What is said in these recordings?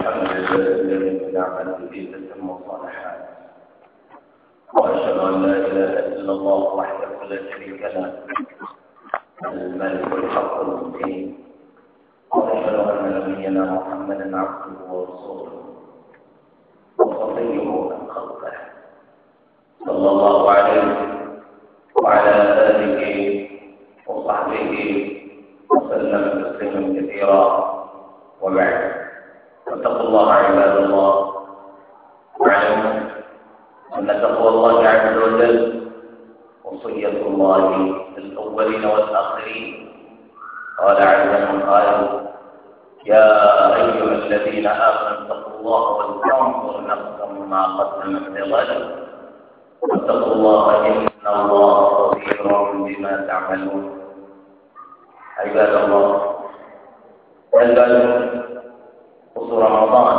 الحمد لله الذي نعمل به تتم الصالحات وأشهد أن لا إله إلا الله وحده لا شريك له الملك الحق المبين وأشهد أن نبينا محمدا عبده ورسوله وصفيه من خلقه صلى الله عليه وعلى آله وصحبه وسلم تسليما كثيرا وبعد واتقوا الله عباد الله واعلموا أن تقوى الله عز وجل وصية الله للأولين والآخرين قال عز من قال يا أيها الذين آمنوا اتقوا الله ولتنظر نفس ما قدمت لغد واتقوا الله إن الله خبير بما تعملون عباد الله oṣù ramadan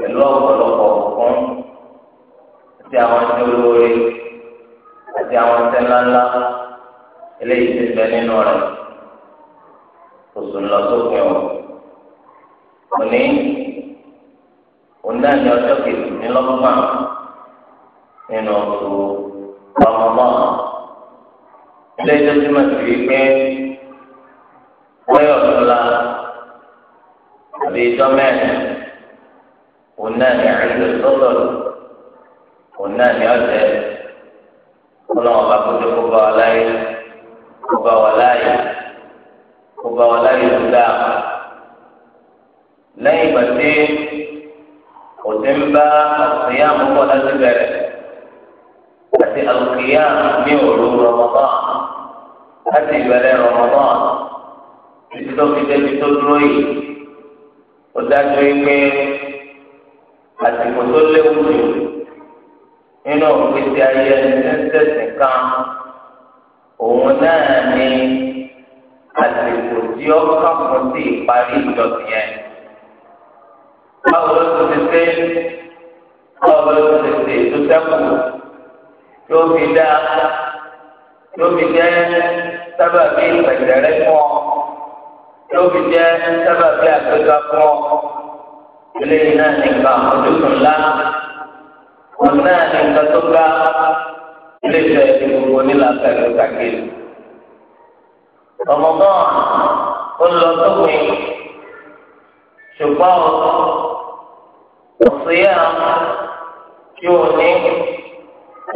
pẹ̀lú ọ̀pọ̀lọpọ̀ ọ̀kan àti àwọn ẹsẹ̀ olóore àti àwọn ẹsẹ̀ ńláńlá eléyìí ti bẹ nínú rẹ̀ oṣù ńlọ sókè ọ̀ òní òní àti ọjọ́ kejìdínlọ́gbọ̀n nínú oṣù ramadan eléyìí tó ti máa ti rí pé wọ́n yọ̀ la àbí dọ́mẹ́ẹ̀nì òun náà ní àìsàn sọ́dọ̀ òun náà ní ọ̀sẹ̀ ọlọ́wọ́n bá kó tó kó bá wa láyé kó bá wa láyé kó bá wa láyé tó dáa lẹ́yìn ìgbà tí òtí ń bá àṣeyá àmúkọ́ láti bẹ̀rẹ̀ àti àlùkìyà ní òru Ramadan láti ìbẹ̀rẹ̀ Ramadan títí tó fi débi tó dúró yìí ó dájú pé àsìkò tó léwu jù nínú òpèsè ayé ẹsẹsìn kan òun náà ni àsìkò tí ó kàkún sí ìparí ìjọsìn yẹn báwo ló ti ṣe báwo ló ti ṣe ètò sẹ́kù tó fi dá tó fi jẹ́ sábàbí ìpẹ̀tẹ̀rẹ́ fún ọ yóò fi jẹ́ sábà bí àgbéga fún ọ eléyìí náà nípa ojútùú ńlá wọn náà nípa tó ga ilé ìfẹ́ gbogbo nílàkà ìlú kàkiri ọmọgbọ́n ó lọ sópin ṣùgbọ́n òṣìyà yóò ní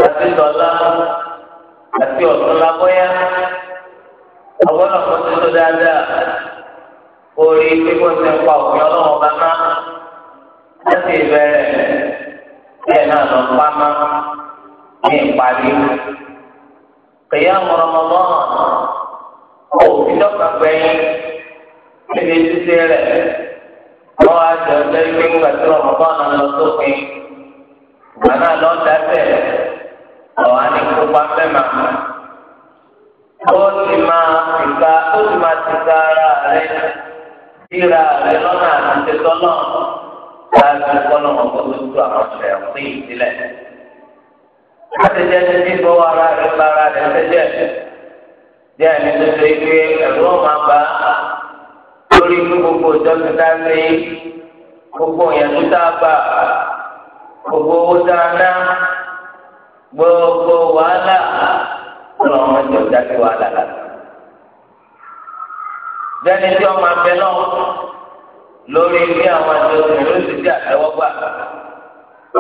àti dọ̀là àti ọ̀tún lábọ́yá ọgbọ́n náà kọ́ dáadáa orí pípọ́ ti ń pa òfin ọlọ́wọ́ bá má láti ìbẹ̀rẹ̀ bẹ́ẹ̀ náà lọ pa má ní ìparí. kìyà mọ̀rọ̀mọ̀mọ́ òfin dọ́gba gbẹ̀yìn níbi títí rẹ̀ wọ́n á jẹ ọjọ́ ìgbé ńgbà tí ọmọkọ́ náà lọ sópin ìgbà náà lọ dáṣẹ̀ ọ̀hán ní kópa fẹ́ máa ó sì máa ti ka ó sì máa ti ka ara rẹ̀ síra rẹ̀ lọ́nà àti tọ́lọ́ láti kọ́nà ọ̀gbọ́n tó tu àwọn ṣẹ̀fín ìsílẹ̀. láti jẹ́ ní bíbọ́ ara rẹ̀ bára rẹ̀ tẹ́jẹ́ díẹ̀ ní tó ṣe pé ẹ̀rọ máa bá lórí fún gbogbo ìjọsìn tá a ṣe gbogbo ìyẹ̀dú tá a bá gbogbo owó tá a ná gbogbo wàhálà ọ̀nà ọ̀jọ̀ jáde wàhálà láti lẹ́ni tí ọmọ abẹ náà lórí ilé àwọn àti obìnrin ló ti di àtẹ́wọ́gbà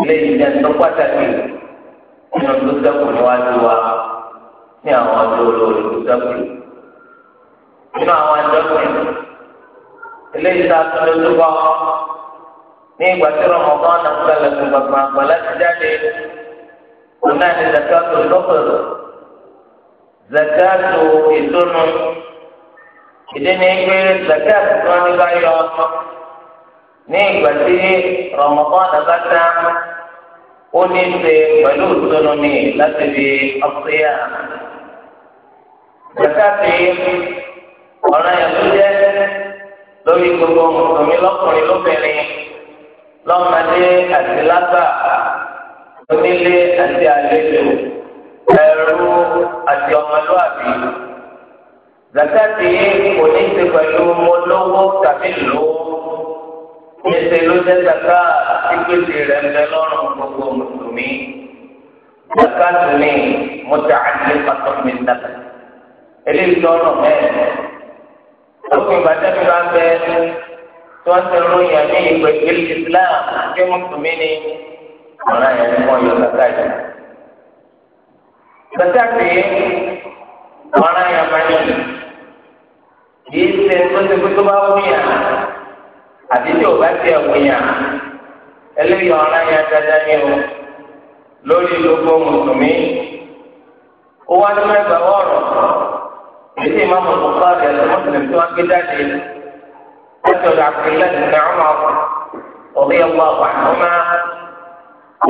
lẹ́yìn ìjà tó pàtàkì nínú tó sẹ́kù níwájú wa ní àwọn àti olórí tó sẹ́kù nínú àwọn àti ọkùnrin eléyìí tá a tún lè túbọ̀ ní ìgbà tí rọmọgbọ́n náà ń gbẹlẹ̀ gbàgbà àgbà láti jáde òun náà lọ́kọ̀ọ́ zakato ìdúnnú ìdí ni pé zakat tí wọ́n ní bá yọ ọmọ ní ìgbà tí Ramadan bá dá ó ní í ṣe pẹ̀lú ìtọ́nu ní láti fi ọ̀pẹ́yà. zakat ọ̀ràn yẹn tó jẹ́ lórí gbogbo mùsùlùmí lọ́kùnrin lóbìnrin lọ́mọdé àti lágbà onílé àti àlejò ẹrú àti ọmọlúwàbí zakati kò ní ṣe pẹ̀lú olówó tàbí lò ó ẹsẹ̀ ló jẹ́ zaka ìgbésẹ̀ rẹ̀ ń bẹ lọ́rùn gbogbo mùsùlùmí zakati ni mọ́tà àti pàtọ́mì náà eléyìí lọ́rùn mẹ́rin lópin ìbàdàn mi máa ń bẹ tí wọ́n ti rún yàn ní ìgbẹ́ ìgbẹ́ Islam tí mùsùlùmí ni ọ̀ràn yẹn ni wọ́n yọ zakati. zakati ọ̀ràn yẹn máa ń yọ kìí ṣe tó ṣe pé tó bá wúnyà àti tí ò bá tiẹ̀ wúnyà eléyìí ọ̀ràn yẹn dáadáa ní o lórí gbogbo mùsùlùmí ó wá ní mẹ́gbàá ọ̀rọ̀ èyí máa mọ̀ tó kọ́ àgbẹ̀ tó mùsùlùmí tó wá gbé jáde láti ọ̀dọ̀ àkùnrin ìgbà ọmọ ọ̀rẹ́ ọmọ ọ̀pá ọmọ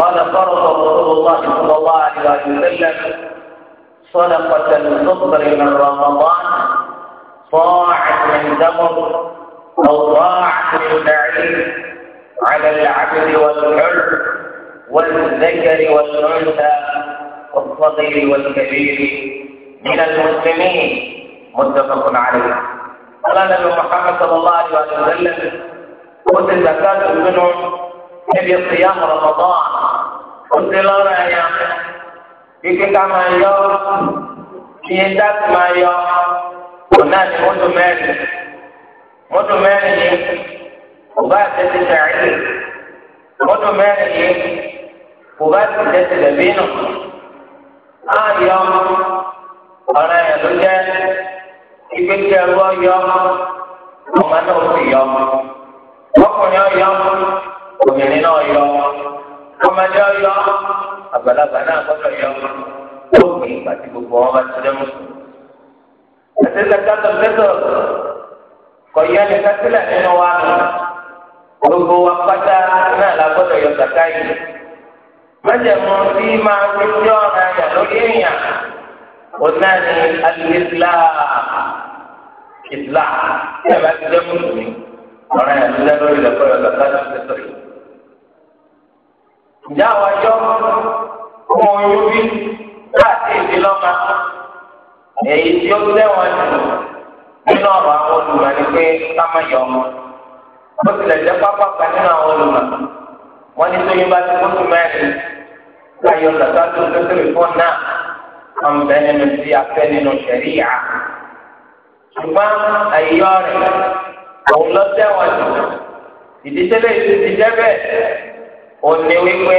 قال فرض رسول الله صلى الله عليه وسلم صدقة الفطر من رمضان طاعة من تمر أو طاعة من بعيد على العبد والحر والذكر والأنثى والصغير والكبير من المسلمين متفق عليه قال النبي محمد صلى الله عليه وسلم خذ زكاة منهم في صيام رمضان قلت لا يا في ما يوم في كتاب ما يوم náà ni mọ́tò mẹ́rin mọ́tò mẹ́rin yìí kò bá tẹ̀sí sàárè mọ́tò mẹ́rin yìí kò bá tẹ̀sí lẹ́bínú. Ayọ̀ ọ̀rẹ́ yẹn ló jẹ́ ìgbésẹ̀ ẹ̀rú ọ̀yọ́ ọmọ náà sì yọ ọkùnrin ọ̀yọ́ obìnrin náà yọ ọmọdé ọ̀yọ́ àgbàlagbà náà gbọ́dọ̀ yọ lópin ìgbà tí gbogbo wọn ti dẹ́mú sùn ẹsẹ zakato lẹtọ kọyẹ lẹkatila nínú wa nù gbogbo wa pátá náà la gbọ́dọ̀ yọ zaka yìí májẹ̀mú tí máa ń fi jọ ọ̀nà yà lórí èèyàn wọn náà ní alìsílám islam ẹ bá ti jẹ mùsùlùmí ọ̀nà yà lórí lórí lẹ́kọ̀ọ́ yọ zakato lẹtọ yìí. ǹjẹ́ àwọn ẹjọ́ fún oyún bí láti ìdílọ́mà. èyí tí ó tẹ̀wọ̀n jù nínú ọ̀rọ̀ àwọn olùmọ̀ ni pé ká yọ ọmọ ó tilẹ̀ jẹ́ pápákọ̀ nínú àwọn olùmọ̀ wọ́n ní tóyún bá ti kó tó mẹ́rin káyọ̀ lọ́sà tó tó tó ìfọ́n náà wọ́n bẹ nínú sí afẹ́ nínú ṣẹ̀ríyà ṣùgbọ́n àyíyọ́ rẹ̀ òun lọ jù ìdíjẹ́lẹ̀ jẹ́ bẹ́ẹ̀ wípé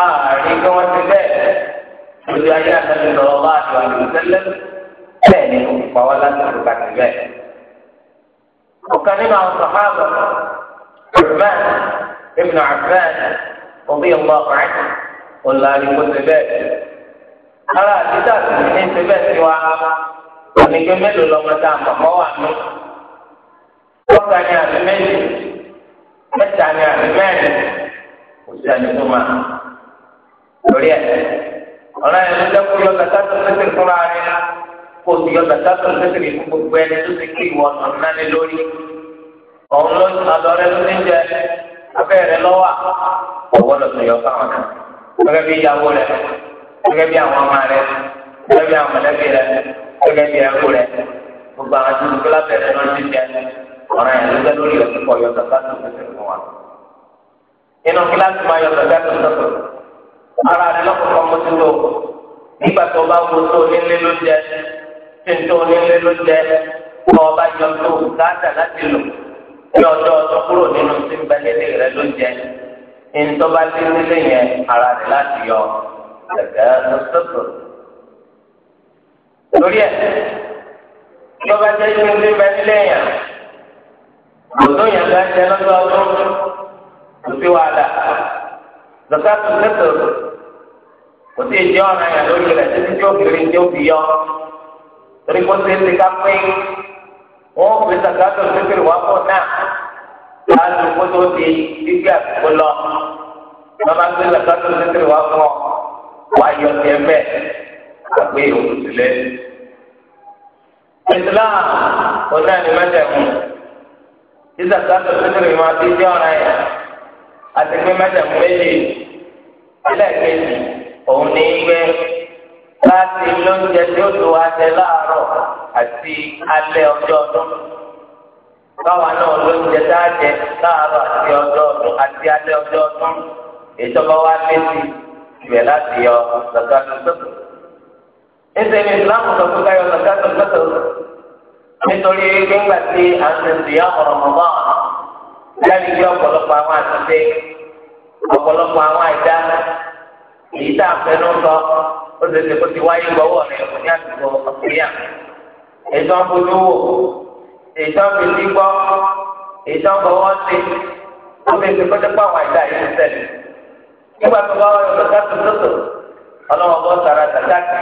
ààrin kí wọ́n ti bẹ́ẹ̀ lórí ayé àtàlẹ́ lọ́wọ́ bá àti àlùkò tẹ́lẹ̀ bẹ́ẹ̀ ni olùkọ́ wa láti àlùkò àti bẹ́ẹ̀. ọ̀kan nínú àwọn sàmáàbà Uthman ibn Affan òbí ọmọ ọkùnrin ọ̀làrí kò ṣe bẹ́ẹ̀. ara àtijọ́ àti ìdílé ṣe bẹ́ẹ̀ sí wa onígbẹ́ mélòó lọ́mọ tá a mọ̀ wà nù. ọ̀kan ni àmì méjì mẹ́ta ni àmì mẹ́rin kò sí àdúgbò máa lórí ẹ̀ ọ̀rọ̀ yẹn ló dẹ́kun yọ zakatu fitiri fúnra rẹ̀ kó o ti yọ zakatu fitiri fún gbogbo ẹni tó ti kí ìwọ ọ̀nà náni lórí òun ló ń sọ rẹ ló ń jẹ abẹ́rẹ́ lọ́wọ́ ọ̀wọ́ lọ sí yọ fáwọn náà gẹ́gẹ́ bí ìyàwó rẹ̀ gẹ́gẹ́ bí àwọn ọmọ rẹ̀ gẹ́gẹ́ bí àwọn mọ̀lẹ́bí rẹ̀ gẹ́gẹ́ bí ẹrú rẹ̀ gbogbo àwọn tó ń gbé lábẹ́rẹ́ lọ sí jẹ ọ̀rọ̀ yẹn ló dẹ́ ara rẹ lọ́kọ̀ọ́kọ́ mójútó nígbà tó bá wo tó nílé ló jẹ tí n tó nílé ló jẹ kọ́ ọba yọ tó gáàtà láti lò ní ọjọ́ ọjọ́ kúrò nínú tí ń bẹ nílé rẹ ló jẹ ìtọ́ba tí nílé yẹn ara rẹ láti yọ gẹ́gẹ́ lọ́sọ̀tò. lórí ẹ̀ lọ́ba jẹ́ ìpín tí bẹ nílé yẹn òtó yẹn bá jẹ lọ́dọ̀ ọdún kò wàhálà lọ́sọ̀tò lẹ́tọ̀ọ́ ó sì jẹ́ ọ̀nà yẹn lórí rẹ̀ títí tí obìnrin tí ó fi yọ torí kó ṣe é ṣe ká pé wọ́n fi sàkátò síkìrì wá pọ̀ náà láti kó tó di gbígbé àsìkò lọ lọ́ba gbé sàkátò síkìrì wá fún ọ wá yọ sí ẹgbẹ́ àgbé òkùtùlẹ̀. Islam ọ̀nà ni mẹ́tẹ̀kùn tí sàkátò síkìrì máa fi jẹ́ ọ̀nà yẹn àti pé mẹ́tẹ̀kùn méjì ilé ìkejì òun ní gbẹ láti lóúnjẹ tí ó tó adé láàárọ̀ àti alẹ́ ọjọ́ ọdún báwa náà lóúnjẹ tá a jẹ láàárọ̀ àti ọjọ́ ọdún àti alẹ́ ọjọ́ ọdún ìjọba wa létí ibẹ̀ láti yọ zakatu sọtò ẹsẹ ní islam sọ pé káyọ zakatu sọtò nítorí nígbà tí a ń sèǹtì yá ọ̀rọ̀ mọmọ láti yọ ọ̀pọ̀lọpọ̀ àwọn àtúnṣe ọ̀pọ̀lọpọ̀ àwọn àìdá èyí tá a fẹ́ ló sọ ó ṣe ṣe kó ti wáyé gbọ́wọ́ rẹ̀ kò ní àsìkò ọ̀pẹ̀yà ètò àbójúwò ètò àbẹ̀sígbọ́ ètò àbọ̀wọ́ ṣe ó ṣe ṣe kó tẹ́pọ̀ àwọn àìdá yìí ṣẹlẹ̀ nígbà tó bá wọ́n lọ́sọ̀ tótó ọlọ́wọ́ bọ́ sara tàdá kì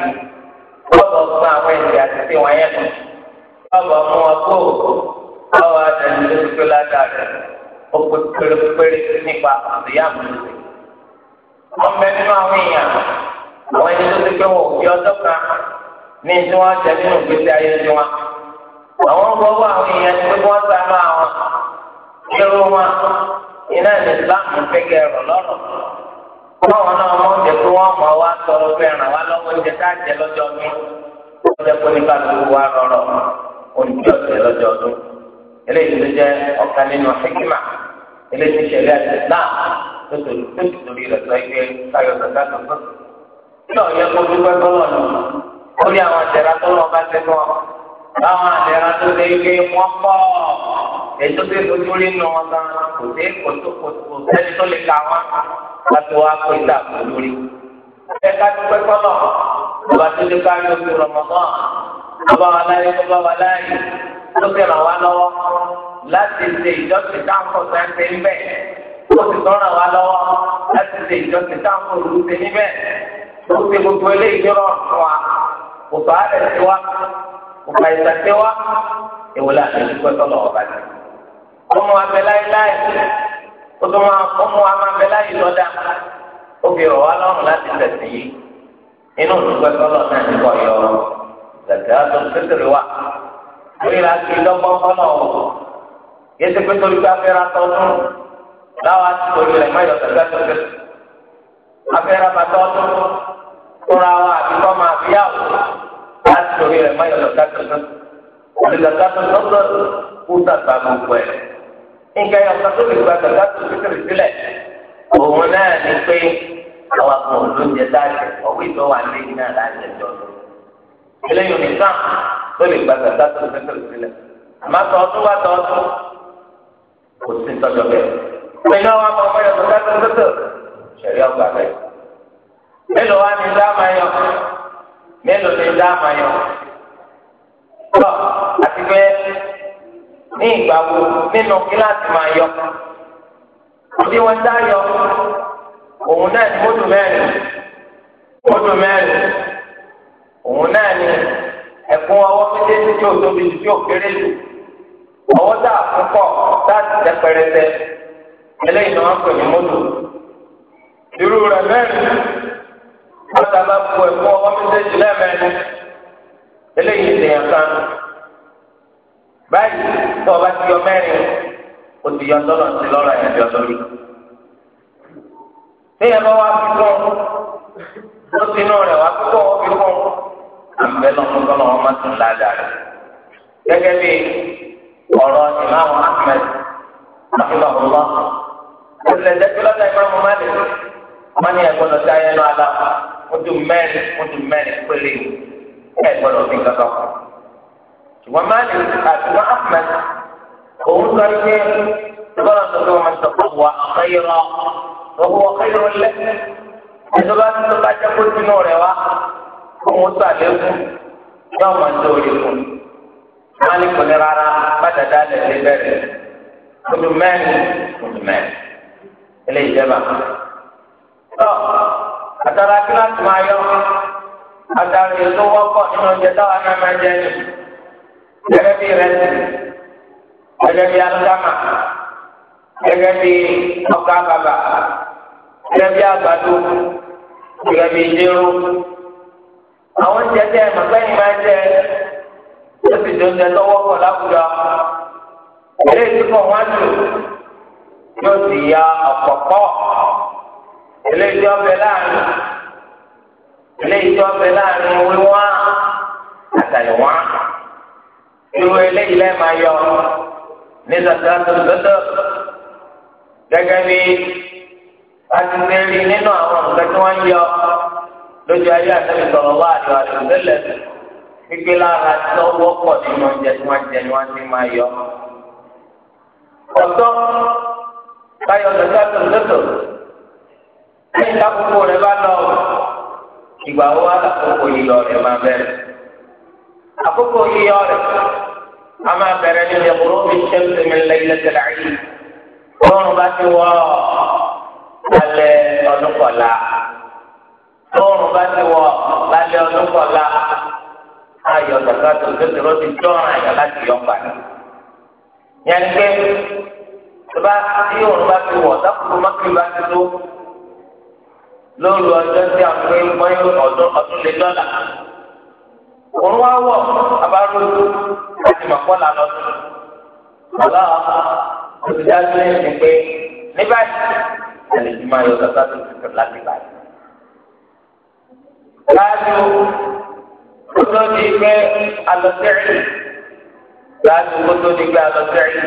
í lọ́bọ̀ fún àwọn ẹ̀sìn àti tí wọ́n yẹn lọ lọ́bọ̀ fún wọn kó lọ́wọ́ àtẹnudẹ́ pípé ládàá rẹ̀ ó pépérépéré nípa àbíyá mọ́lẹ́sìn. wọn bẹ nínú àwọn èèyàn àwọn ẹni tó ti pé wọn ò fi ọjọ́ kan ní tí wọn jẹ nínú gbèsè ayé tí wọn àwọn gbọwọ àwọn èèyàn ti pé wọn sá máa wọn irú wọn iná rọ lọrọ báwọn náà wọn jẹ pé wọn mọ wá pé ràn wá jẹ káàjẹ mi wọn jẹ pé nípa gbogbo wa rọrọ tẹ tó eléyìí ló jẹ nínú eléyìí ti àti islam. lọ́sọ̀rọ̀ tó ti torí rẹ̀ sọ ilé káyọ̀ sọ̀tà tọ̀tọ̀. Nínú ọ̀yẹ́ kó dúpẹ́ tọ́lọ̀ nù, ó ní àwọn àjẹrà tó lọ bá ti fún ọ. Báwọn àjẹrà tó lé ilé wọn pọ̀, ètò tó ti torí nù wọn gan, kò dé kò tó kò sẹ́ni tó lè ka wọn, ká tó wá pé dà kó lórí. Ẹ ká dúpẹ́ tọ́lọ̀, bàbá tó lè káyọ̀ oṣù Rọ̀mọ̀mọ́, bàbá wa láyé tó bá wa láyé, tó ó sì tọ́ra wa lọ́wọ́ láti ṣe ìjọsìn táwọn olùdíje níbẹ̀ ó ti gbogbo eléyìí lọ́rọ̀ fún wa kò sọ àlẹ́ sí wa kò fà ìgbà sí wa èwo la fi dúpẹ́ tọ́lọ̀ ọ̀bà jù. ọmọ abẹ láéláé ó tún máa ọmọ àmà abẹ láyé lọ́dà ó fi rọ̀ wá lọ́rùn láti tẹ̀sí yìí inú dúpẹ́ tọ́lọ̀ náà ti kọ̀ yọ gàgà tó kékeré wa lórí la fi lọ́gbọ́n kọ́nà ọ̀ yẹ́sẹ̀ láwa ti torí rẹ̀ mọ́yọ̀ tẹ̀gbẹ́tẹ̀gbẹ́. Abẹ́rẹ́ bàtọ́ ọdún kóra wa àti kọ́ máa fi yàwó láti torí rẹ̀ mọ́yọ̀ tẹ̀gbẹ́tẹ̀gbẹ́. Olùdàgbàtọ̀ lọ́sọ̀ kú dàgbà gbogbo ẹ̀. Nǹkan yọ̀ kan tó lè gba tẹ̀gbẹ́tẹ̀ fífèrè sílẹ̀. Òun náà ní pé àwọn kan ò lóúnjẹ dáàjẹ ọwọ́ ìtọ́ wà lé ní àdáàjẹ jọ lọ. Eléyìí nìkan tó lè gba tẹ̀gbẹ́tẹ̀ fífèrè sílẹ̀. Àmọ́ tọ́ ọdún wá tọ́ ọdún kò sí tọ́jọ́ bẹ́ẹ̀ pẹ̀lú àwọn akọ̀kọ̀ yọ̀ tọ́tọ́tọ́tọ́ ṣẹ̀rí ọgbà bẹ́ẹ̀. mélòó wá ní dáàmà yọ mélòó ní dáàmà yọ. tọ́ àti pé ní ìgbà wo nínú kíláàsì máa yọ. bí wọ́n dá yọ òun náà ní mọ́tò mẹ́rin mọ́tò mẹ́rin òun náà ní ẹ̀kún ọwọ́ méjèèjì tí ò tóbi tí ò kéré jù ọwọ́ tá a fún pọ̀ tá a ti tẹ́ pẹrẹsẹ eléyìí ni wọ́n pè ní mọ́tò irú rẹ̀ mẹ́rin wọ́n sábà bu ẹ̀kọ́ ọwọ́ méjèèjì lẹ́ẹ̀mẹ́rin eléyìí ni èèyàn kan báyìí tó o bá ti yọ mẹ́rin o ti yọ sọ́nà sí lọ́rọ̀ ẹ̀ yọ lórí téèyàn bá wá fi kún ó ti inú rẹ̀ wá púpọ̀ ó fi kún àmì lọ́kùnkọ́nà wọn máa tún ládàá rẹ̀ gẹ́gẹ́ bí ọ̀rọ̀ ìmáàmù Ahmed àfihàn ọ̀rọ̀ tilẹ̀ jẹ́ pé lọ́dọ̀ ìmọ̀ ọmọ máa lè wọ́n ní ẹ̀gbọ́dọ̀ tí ayé náà la wọ́n tún mẹ́rin wọ́n tún mẹ́rin péré ẹ̀gbọ́dọ̀ fi kankan kù. ṣùgbọ́n máa lè àtúwọ́ ahmed òun sọ pé ìbára tó lọ́wọ́ máa sọ pé wà àkẹ́yọ̀rọ̀ lọ́wọ́ àkẹ́yọ̀rọ̀ lẹ́ ẹ̀dọ́ bá tó bá jẹ́ kó tinú rẹ̀ wá òun sọ àlékún yóò máa ń dóore fún máa lè kọ́ni rárá bá dàda lẹ̀ lé bẹ́ẹ̀ eléyìí jẹba tọ àtàrà kíláàsì máa yọ àtàrà èlò wọ́pọ̀ nínú oúnjẹ táwọn náà máa jẹ ní gẹ́gẹ́ bí rẹsì gẹ́gẹ́ bí alùdámà gẹ́gẹ́ bí ọkà bàbà gẹ́gẹ́ bí àgbàdo gẹ́gẹ́ bí ìdérò àwọn oúnjẹ tẹ ẹ màgbẹ́yìn máa jẹ ó sì di oúnjẹ tó wọ́pọ̀ láwùjọ eléyìí tó kọ̀ á lò yóò sì ya ọ̀pọ̀pọ̀ eléyìí ọbẹ̀ láàrin eléyìí ọbẹ̀ láàrin wíwá àtàyẹ̀wá irú eléyìí lẹ́ẹ̀ máa yọ ní sàtàtà lọ́dọ̀ gẹ́gẹ́ bí láti ṣe rí nínú àwọn nǹkan tí wọ́n yọ lójú ayé àtẹ̀lẹ́ sọ̀rọ̀ wá àti àtẹ̀lẹ́ gbígbé lára tí wọ́n wọ́pọ̀ nínú oúnjẹ tí wọ́n jẹ ni wọ́n ti máa yọ. ọ̀tọ̀ báyọ̀ lọ́sọ̀tò lọ́sọ̀ rẹ̀ bá lọ ìgbà wo yíyọ rẹ̀ máa bẹ̀rẹ̀ àkókò a máa bẹ̀rẹ̀ nínú ìkúrò mi ṣẹ́mi mi lẹ́yìn tẹ̀lé ayé lọ́rùn bá ti wọ̀ ọdún bá ti ọdún ayọ̀ tọba tí òun bá fi wọ̀ sákòókò mọ́kì bá ti tó lóru ọjọ́ tí a fi ń pọ́n ọdún ọdún lé dọ́là òun wá wọ̀ abáròdú láti mọ̀ kọ́là lọ́dún ọ̀la olùdájọ́ ẹ̀sìn pé ní báyìí àlejò máa yọ sọ́sọ́ tó ti tẹ̀ láti báyìí. láàjò kótó di pé alọ́sẹ̀rì láàjò kótó di pé alọ́sẹ̀rì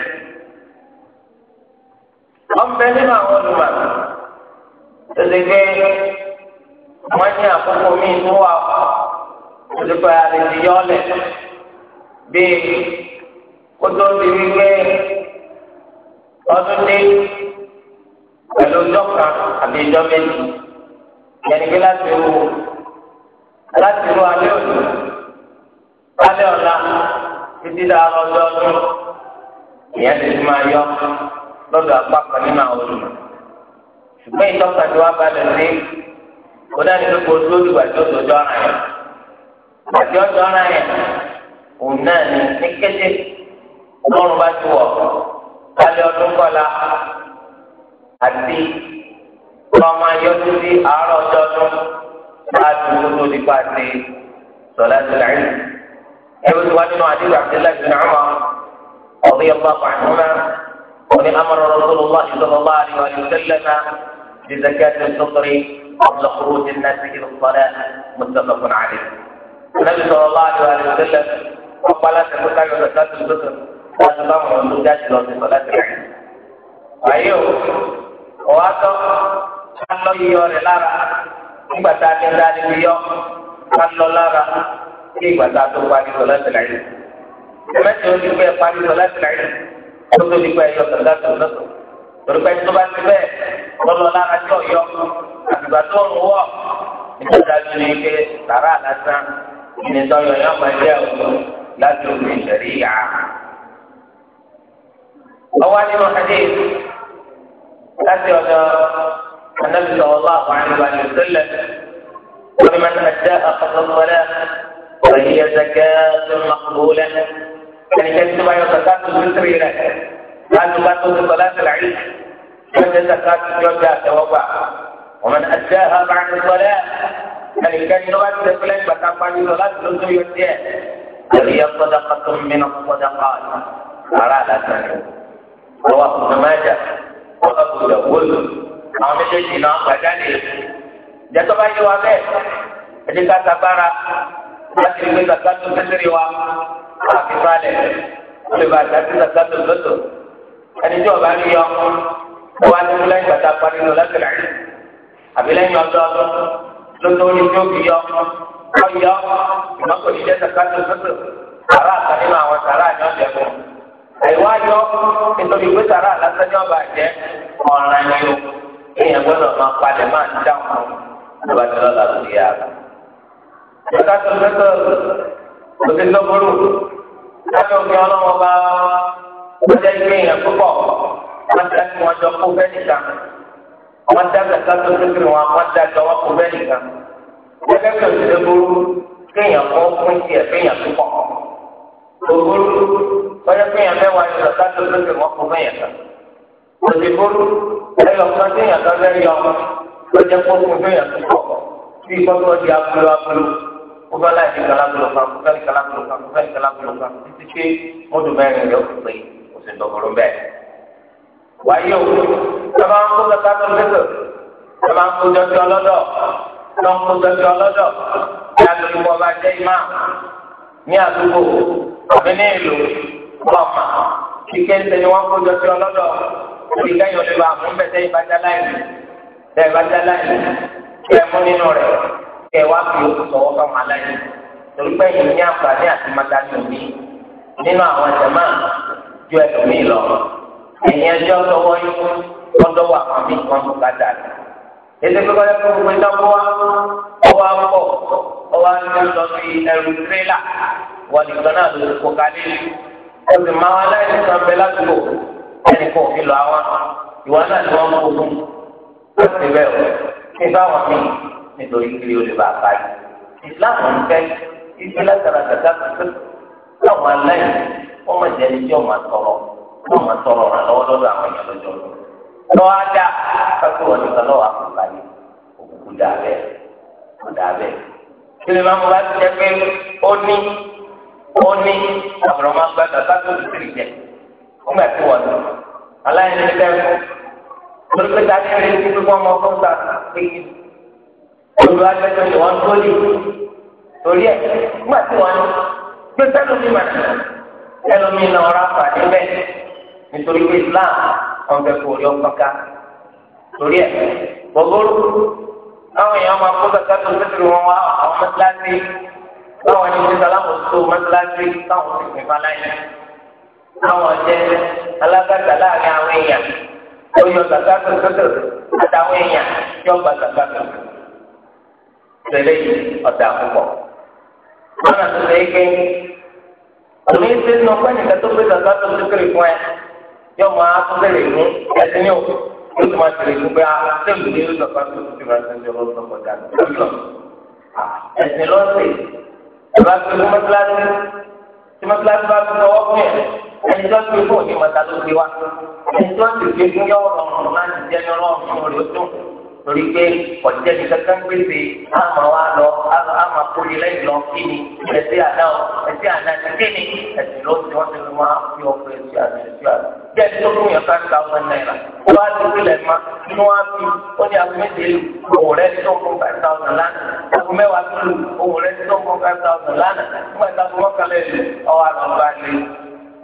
wọn bẹ nínú àwọn olùmọ̀ tètè pé wọn ní àkókò míì tó wà olùkọ́ àti ìyọ́lẹ̀ bíi kótó ti rí pé ọdún dé pẹ̀lú ọjọ́ kan àti ọjọ́ méjì yẹn ni pé láti ru láti ru alẹ́ òní alẹ́ ọ̀la títí dáa lọ́jọ́ ọdún ìyẹn ti fi máa yọ lọ́dọ̀ apá kan nínú àwọn olùmọ̀ ṣùgbọ́n ìtọ́ka tí wàá balẹ̀ sí kó dání ló kó lórí ìwà tí ó dọjọ́ ara yẹn àti ọjọ́ ara yẹn òun náà ní ní kété ọlọ́run bá ti wọ̀ kálí ọdún kọ́la àti ọmọ ayọ́dún sí àárọ̀ ọjọ́ ọdún láti wúlò nípa ti sọ̀lá ti láyé. ẹ̀rọ ti wá nínú àdìgbà tí láti nà mọ́ ọ̀bí ọgbà pàṣẹ ولأمر رسول الله صلى الله عليه وسلم بزكاة الفطر قبل خروج الناس إلى الصلاة متفق عليه النبي صلى الله عليه وسلم قال لا زكاة الفطر هذا الأمر المدات في صلاة العيد أيوه واتوا قال له يوري لارا nígbà tá ذلك اليوم ń dá níbi yọ صلاة العيد. lára sí ìgbà صلاة العيد tó tó di pé ẹyọ sọ̀dá tó lọ́sọ̀ torípé tó bá ti bẹ́ẹ̀ lọ́lọ́ lára tí ọ̀yọ́ àtìgbà tó ń wọ̀ nígbàdá tó ní ike sàrà lásán ní tọ́yọ̀ yọ máa jẹ́ ọ̀tọ̀ láti òkè ìṣẹ̀rí yá. ọwọ́ nínú hadith láti ọ̀dọ̀ النبي صلى الله عليه وآله وسلم ومن أداء قضى الصلاة فهي زكاة مقبولة ẹnikẹ́ni tó bá yọ kàtà tó ló tẹ̀lé rẹ̀ láti bá tó tó láti rà yìí lọ́jọ́ kàtà tó yọ bí àtẹwọ́gbà wọ́n mọ̀ àti ẹ̀hán bá ní sọ́lẹ̀ ẹnikẹ́ni tó bá ti tẹ̀lé gbàtà pàdé lọ láti ló tó yọ tiẹ̀ àríyá kọ́dà kàtó mìíràn kọ́dà kọ́ọ̀lù ara àlàtà lọ́wọ́ àkùnfẹ́ májà wọ́n bá gbọdọ̀ wọ́lù àwọn méjèèjì náà gbàjáde ìjẹ́tọ́ bá yẹ wa bẹ́ẹ̀ ẹ̀dínkà tagbára láti gbé zakato tẹ́tẹ́rì wa àfi balẹ̀ lè ba àti zakato lọ́tọ̀ ẹni tí ọba rí yọ wá ní fúláì bàtà parí lọ láti rà yìí àbí lẹ́yìn ọjọ́ lọ́tọ̀ ní tí ó fi yọ ọyọ ìmọ̀kò ní jẹ́ zakato lọ́tọ̀ sàrà àtàlí máa wọn sàrà àjọ jẹ fún àìwá yọ nítorí pé sàrà lásán ní ọba jẹ ọ̀ràn yìí èèyàn gbọ́dọ̀ máa palẹ̀ máa ń dáhùn yàtọ̀ àtọ̀lẹ́tọ̀ òsì lọ́gbọ́rù lábẹ́ òkè ọlọ́wọ́ bá wọ́n jẹ́ ìgbé yẹn púpọ̀ wọ́n dá kí wọ́n jọ kó bẹ́ẹ̀ nìkan wọ́n dá kẹta tó tóbi wọn wọ́n dá jọ wọ́n kó bẹ́ẹ̀ nìkan gẹ́gẹ́ bí òsì lọ́gbọ́rù kéèyàn kó fún tiẹ̀ kéèyàn púpọ̀ ògbóró wọ́n yẹ kéèyàn mẹ́wàá yẹn lọ sáà tó tóbi wọn kó bẹ́ẹ̀ nìkan òsì gbóró ẹ̀yọ̀ kan kéèyàn kó fún kéèyàn púpọ̀ ó bá láì fi kalagolo kan kó fẹ́ẹ́ kalagolo kan kó fẹ́ẹ́ kalagolo kan títí pé mọ́tò mẹ́rin rẹ̀ ó pè é kò sí dọ̀kọ̀rọ̀ bẹ́ẹ̀. wáyé o sábà ń kó kẹta tó lẹ́sọ̀ sábà ń kó jọjọ lọ́dọ̀ lọ́ ń kó jọjọ lọ́dọ̀ kí a lórí wọn bá jẹ́ ìmá ní àdúgbò àbí ní ìlú ọ̀pá kíkẹ́ ń tẹ̀lé wọn kó jọjọ lọ́dọ̀ kí kẹ́yìn olè bá mú kẹ wá fi oṣù sọwọ́ fáwọn aláìní torí pé yìí ní àǹfààní àti mọ́tàkì òbí nínú àwọn jàmá ju ẹlòmíì lọ ẹ̀yìn ẹjọ́ lọ́wọ́ yìí lọ́dọ̀ wà àwọn míì kan tó ká dà ní. ètò ìgbẹ́ wọlé fún gbogbo ìjọba wa ọwọ́ akọ ọwọ́ akọ lọ sí ẹrù tírélà wọ́n nìkan náà ló kó kalẹ̀ ọ̀sìn máa wá láìní kan bẹ ládùúgbò ẹnì kan òfin lọ àwọn ìwà náà ni wọ́n kó nítorí kí o lè bá a bá yìí ìsìláàmù ń fẹ́ ìgbé látara gàdá pípé láwọn aláìní wọn máa jẹ ẹni tí wọn máa tọrọ wọn máa tọrọ ràn lọ́wọ́ lọ́dọ̀ àwọn èèyàn lọ́jọ́ lọ́wọ́ á dá kátó wọn nìkan lọ́wọ́ àkùnfà yìí òkùnkùn dà bẹ́ẹ̀ kò dà bẹ́ẹ̀ kí lè máa mú bá ti jẹ pé ó ní ó ní àbúrò máa gba gàdá tó ti tìrì jẹ ó gbà tí wọn aláìní lẹ́nu lórí pé dáadé rẹ̀ ti fi wọn mọ olùwà gbẹdọ ni wọn tó lè torí ẹ gbà tí wọn gbé sẹlómi mà sẹlómi náà ọ̀rọ̀ àfàdé bẹ́ẹ̀ nítorí pé Islam wọn fẹ́ kó yọ pàkà torí ẹ gbogbooro àwọn èèyàn máa kó kàkà tó tẹsí wọn wá àwọn mẹsàlásì báwọn ní sísá láwọn tó mẹsàlásì táwọn sì pè fáláyé àwọn jẹ alágàtà láàrin àwọn èèyàn tó yọ kàkà tó tẹsí àtàwọn èèyàn yọ gbàgbàgbà tẹ̀lé yìí ọ̀dà púpọ̀. Lọ́nà tó ṣe é ké, òní ṣe ń lọ́pẹ́ nìkan tó gbé gàgá tó ṣúkìrì fún ẹ, yóò máa tó bẹ̀rẹ̀ ní ẹsẹ̀ ní òkú, yóò tó máa tẹ̀lé fún pé ah, a tẹ̀lé ní ìlọ́pàá tó ṣúkìrì máa ń ṣe lọ́sọ̀ kọjá lọ́sọ̀. Ẹ̀sìn lọ́sẹ̀, ìbá tó ṣe mọ́tíláṣí, tí mọ́tíláṣí bá tó lọ́wọ́ fún ẹ̀, ẹni tó ṣe fún òní mọ́tà ló ṣe wá, ẹni tó ṣe fún yọ̀ọ̀rọ̀ torí pé ọ̀jẹ́ ní kankan pèsè àmọ́ wa lọ àmọ́ kórè lẹ́yìn lọ kí ni ẹ̀sẹ̀ àná o ẹ̀sẹ̀ àná ti kí ni ẹ̀sẹ̀ ló ti wọ́n ti fi máa fi ọkọ̀ ẹ̀sẹ̀ àná ẹ̀sẹ̀ àná. bí ẹni tó fún yẹn ká ta ọmọ náírà ó wá ti wílẹ̀ ma inú wa fi ó ní agbẹ́sẹ̀ lù rẹ̀ tó fún five thousand lánàá owó mẹ́wàá tó lù owó rẹ̀ tó fún five thousand lánàá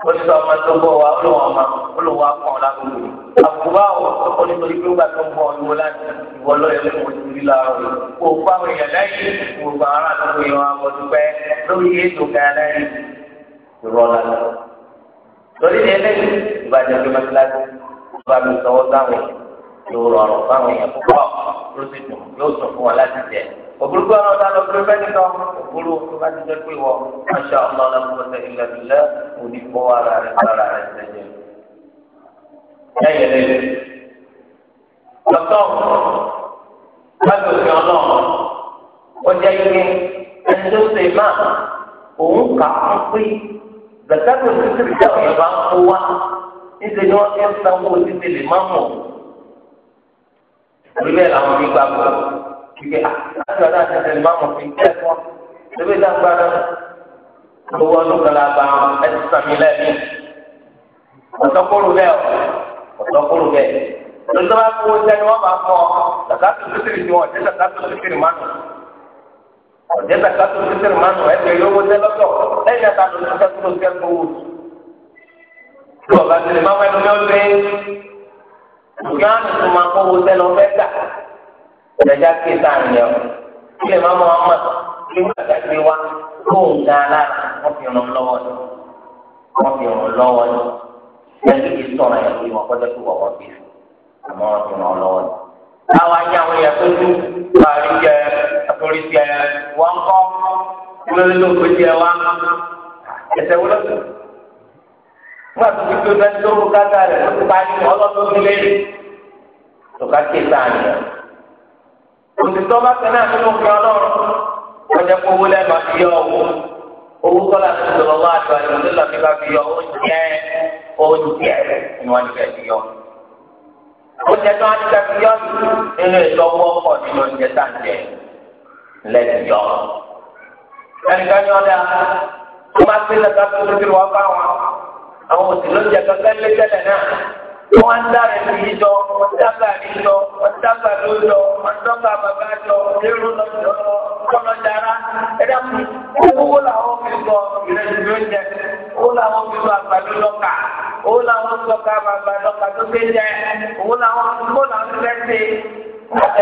oníṣẹ́ ọmọ tó bọ̀ wá olówó ọmọ olówó akọ̀ lágbo àbúrò àwọn onítorí pé wọ́n tó bọ̀ ìwọ láti ìwọ lọ́yẹ̀ lé wọ́n ti rí láàrọ̀ kò pa àwọn èèyàn lẹ́yìn kò pa ara àdúgbò yẹn wọn àwọn dúpẹ́ lórí ètò kan lẹ́yìn ìrọ̀lá lórí ẹlẹ́yìn ìbàjẹ́ pé mọ́tíláṣí bá mi sọ́wọ́ sáwọn yóò rọrùn fáwọn èèyàn púpọ̀ ló sì yóò sọ fún wọn láti jẹ́ òbúrúkú ọ̀rọ̀ ta lọ pé fẹ́ni lọ òbúrú tó bá ti jẹ́ pé wọ aṣọ ọmọ náà kò tẹ ilẹ̀ ìlẹ̀ òní kọ́ ara rẹ̀ ara rẹ̀ sẹ́yìn. ẹ̀yẹ̀ lẹ́lẹ̀ lọ́tọ̀ láti òfin ọlọ́run ó jẹ́ ike ẹni tó ṣe máa òun kà á pé gbàgbọ́ títí tí àwọn yorùbá ń kó wá níṣẹ́ ni wọ́n fi ń sanwó títí lè má mọ̀ orí bẹ́ẹ̀ làwọn fi gbàgbọ́ ìgbé ah, àtúntò náà ti tẹ̀lé máa mọ̀ fi kẹ́kọ̀ọ́ lóbi lágbára owó ọlọ́kọ̀lá bá ẹtì sàmì lẹ́nu ọ̀tọ́kùrù bẹ́ẹ̀ ọ̀tọ́kùrù bẹ́ẹ̀ lọ́sọ̀ bá kó sẹ́ni wọ́n bá fọ́ sàkátù sísìrì tí wọ́n ọ̀jẹ́ sàkátù sísìrì mánu ọ̀jẹ́ sàkátù sísìrì mánu ẹ̀jẹ̀ yóò wọlé lọ́tọ̀ lẹ́yìn ẹ̀ta ló ti sẹ́kúrò sẹ́kúrò wò tí ọ̀gá tẹ̀lé máa fẹ́ lọ́wọ́ máa kó wọ sẹ́ni ìdájá ké sáàrin yẹn kí lè má mọ ọmọ kí wọn gbà gbé wa lóun gan alára wọn fi ràn lọ́wọ́ ni wọn fi ràn lọ́wọ́ ni lẹ́yìn kí sọ̀rọ̀ yẹn kí wọn kọjá tó wọ wọn fi àmọ́ wọn fi ràn lọ́wọ́ ni. báwa ní àwọn èèyàn tó dún parí jẹ àtòrí jẹ wọn kọ lórí lóko jẹ wa ẹsẹ wúlọ tó wọn àti tó tó bẹ tó kó rẹ tó ti parí ọlọ́dún lé tó ká ké sáàrin òtítọ́ bá tẹ̀lé àtúntò nǹkan ọlọ́run ọjà kó owó lẹ́ẹ̀ma fi yọ owó owó tọ́lá ti sọ̀rọ̀ wá àjọ àjọ nílò fi bá fi yọ oúnjẹ oúnjẹ ni wọ́n ti fẹ́ fi yọ. oúnjẹ tó wọ́n ti fẹ́ fi yọ nínú ìtọ́wọ́ pọ̀ nínú oúnjẹ tàǹjẹ̀ lẹ́ẹ̀tì yọ. ẹnìkan ní ọ̀dà wọ́n máa ń gbé lọ́sàkó lójú wọn àwọn òsì lóúnjẹ kankan lé tẹ́lẹ̀ náà wọ́n ń dára ẹ̀sìn yìí jọ wọ́n dábà rí jọ wọ́n dábà ló jọ wọ́n dábà bàbá jọ lérò lọ́jọ́ kọ́lọ́dára ẹ̀dá owó làwọn fi sọ ìrẹsì lóúnjẹ owó làwọn fi sọ àgbàdo lọ́kà owó làwọn sọ ká bàbá lọ́kà tó gbé jẹ owó làwọn owó làwọn fi rẹ́sì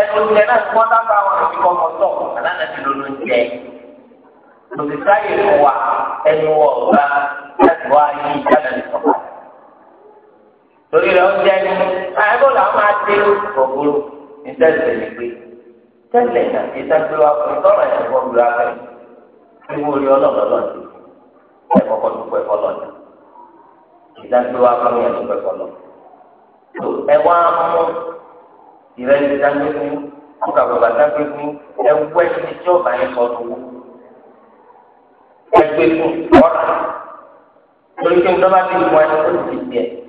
ẹ̀dùnjẹ náà wọ́n dábà wọn fi kọ́ mọ́tò àlànà ti lọ́nà jẹ lòdì sáyé fún wa ẹnu wọ̀ ọ̀gá láti wá yí ìjà torí rẹ̀ ó jẹ́ àyẹ̀bọ̀ làwọn máa dé ògbóró ní tẹ́sẹ̀ ní pé tẹ́lẹ̀ náà ti sẹ́gbẹ́ wa fún ìtọ́nà yẹn fún olùrà rẹ̀ kí wọ́n rí ọlọ́dọ̀ lọ́dọ̀ ẹ̀ kọ́kọ́ dúpọ̀ ẹ̀kọ́ lọ́dọ̀ ìdájọ́ wa fún yẹn dúpọ̀ ẹ̀kọ́ lọ́dọ̀ ẹ wá mú ìrẹsì dágbé fún kókà bàbá dágbé fún ẹ wú tí ó yẹn kọ́ lówó ẹgbẹ́ fún ọ̀rà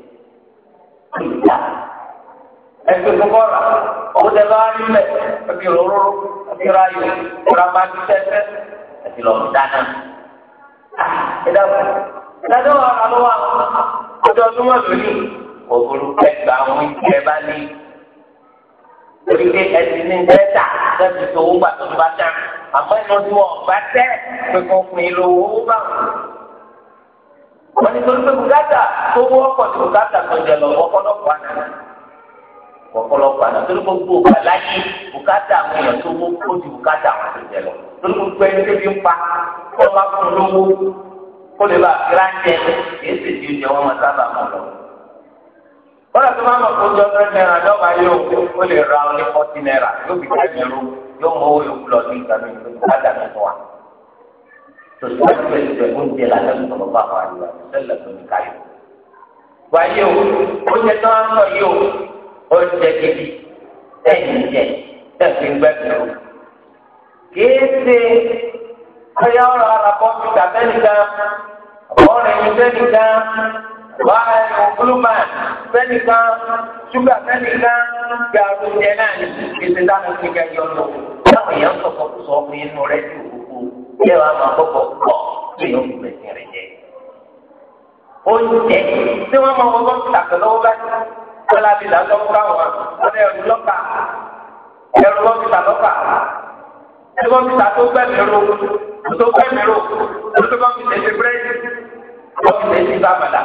ìjà ẹgbẹ́ gbogbo ọ̀rà ọ̀hún tẹ bá rí lẹ̀ ẹbí rọrọ ẹbí ráyò ẹbí bá ti tẹ́tẹ́ ẹbí lọ dáná. ìdájọ́ ìdájọ́ ọ̀rà ló wà ọjọ́ tó wà lónìí òfurufú ẹgbàá àwọn ìjẹ bá ní torí pé ẹsìn ní dẹ́ta lẹ́bi tó wọ́n gbà tó bá tán àmọ́ ìnáwó ọ̀gbá tẹ́ pé kò pin lówó báwọn wọ́n ní torí pé bùkátà tó wọ́ ọkọ̀ tó bùkátà tó jẹ lọ ọ̀pọ̀lọpọ̀ àná ọ̀pọ̀lọpọ̀ àná torí gbogbo ògbà láyé bùkátà àwọn èèyàn tó wọ́ ó ju bùkátà àwọn tó jẹ lọ torí gbogbo ẹni tó fi ń pa kó má fún lówó kó lè bá gíráńjẹ èyí sì ti jẹ wọn máa sábà mọ lọ. wọ́n tó máa mọ̀ kó jọ fẹ́ náírà lọ́ba yóò ó lè ra ọ ní fọ́tí náírà yóò fi ká ìlú yóò mọ owó yòókù lọ sí ìgbà mi tòṣìṣẹ́ oúnjẹ làdàbí sọ̀rọ̀ bá wà ní àtẹ̀sẹ́lẹ̀ tó ní káyọ̀. wáyé o oúnjẹ tó ń sọ yìí o oúnjẹ gidi ẹ̀yìn jẹ tẹ̀sí ń gbẹ́sẹ̀ o. kìí ṣe ọyá ọ̀rọ̀ àràbọ̀ ti tàbẹ́ nìkan ọ̀rọ̀ ẹ̀yìn bẹ́ẹ̀ nìkan wà á ẹ̀yìn òkúlùmọ̀ bẹ́ẹ̀ ṣúgà bẹ́ẹ̀ nìkan jẹ náà ní ìṣẹ̀dá bẹ́ẹ̀ wàá máa kọ́kọ́ kọ́ kí ni ó fi bẹ̀sẹ̀ rẹ̀ jẹ́. oúnjẹ tí wọ́n máa wọ́n tàkì lọ́wọ́ báyìí kọ́lá bí làásọ̀ fúra wọn wọ́n ẹ̀rù lọ́kà ẹ̀rù lọ́kìtà lọ́kà ẹ̀rù lọ́kìtà tó gbẹ̀mìíró tó gbẹ̀mìíró tó lọ́kìtà ti bírẹ́dì lọ́kìtà ti bàbàdà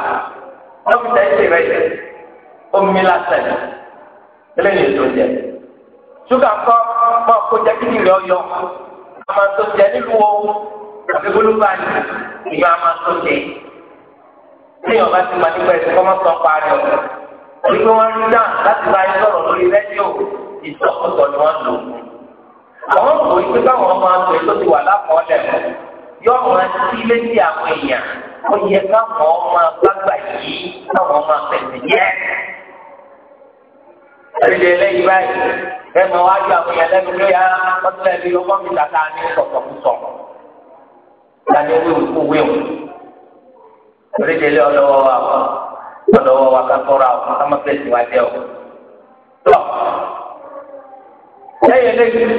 lọ́kìtà ti rẹ̀ jẹ́ omi lásán eléyìí tó jẹ ṣúgà kọ́ mọ́ kó jẹ́ kí ni ìrẹ́ ọ máa tó jẹ nílùú ọ̀hún àbí gbólóbá ni ìyá máa tó jẹ. Téèyàn bá ti máa nípa ẹ̀sìn kọ́mọ́ sọ parí ọ̀rọ̀. Orí pé wọ́n rí náà láti bá yín sọ̀rọ̀ lórí rédíò ìsọkúsọ ni wọ́n lò. Àwọn kò rí pé báwọn máa ń pè tó ti wà lápọ̀ọ́lẹ̀ yóò máa sí létí àwọn èèyàn ó yẹ káwọn máa gbàgbà yìí káwọn máa pẹ̀sì yẹ́ ẹ̀rìndé lẹ́yìn báyìí ẹ mọ wájú àwọn yẹn lẹ́nu ah, ló yá ọtí ẹbí ọkọ mi tàkà ní sọ̀tọ̀kùsọ̀ láti wíwù kú wíwù ẹ̀rìndé lé ọlọ́wọ́ wa ọlọ́wọ́ wa kakọ́ra o ọmọ fèsì wa jẹ́ o tọ́ lẹ́yìn lẹ́yìn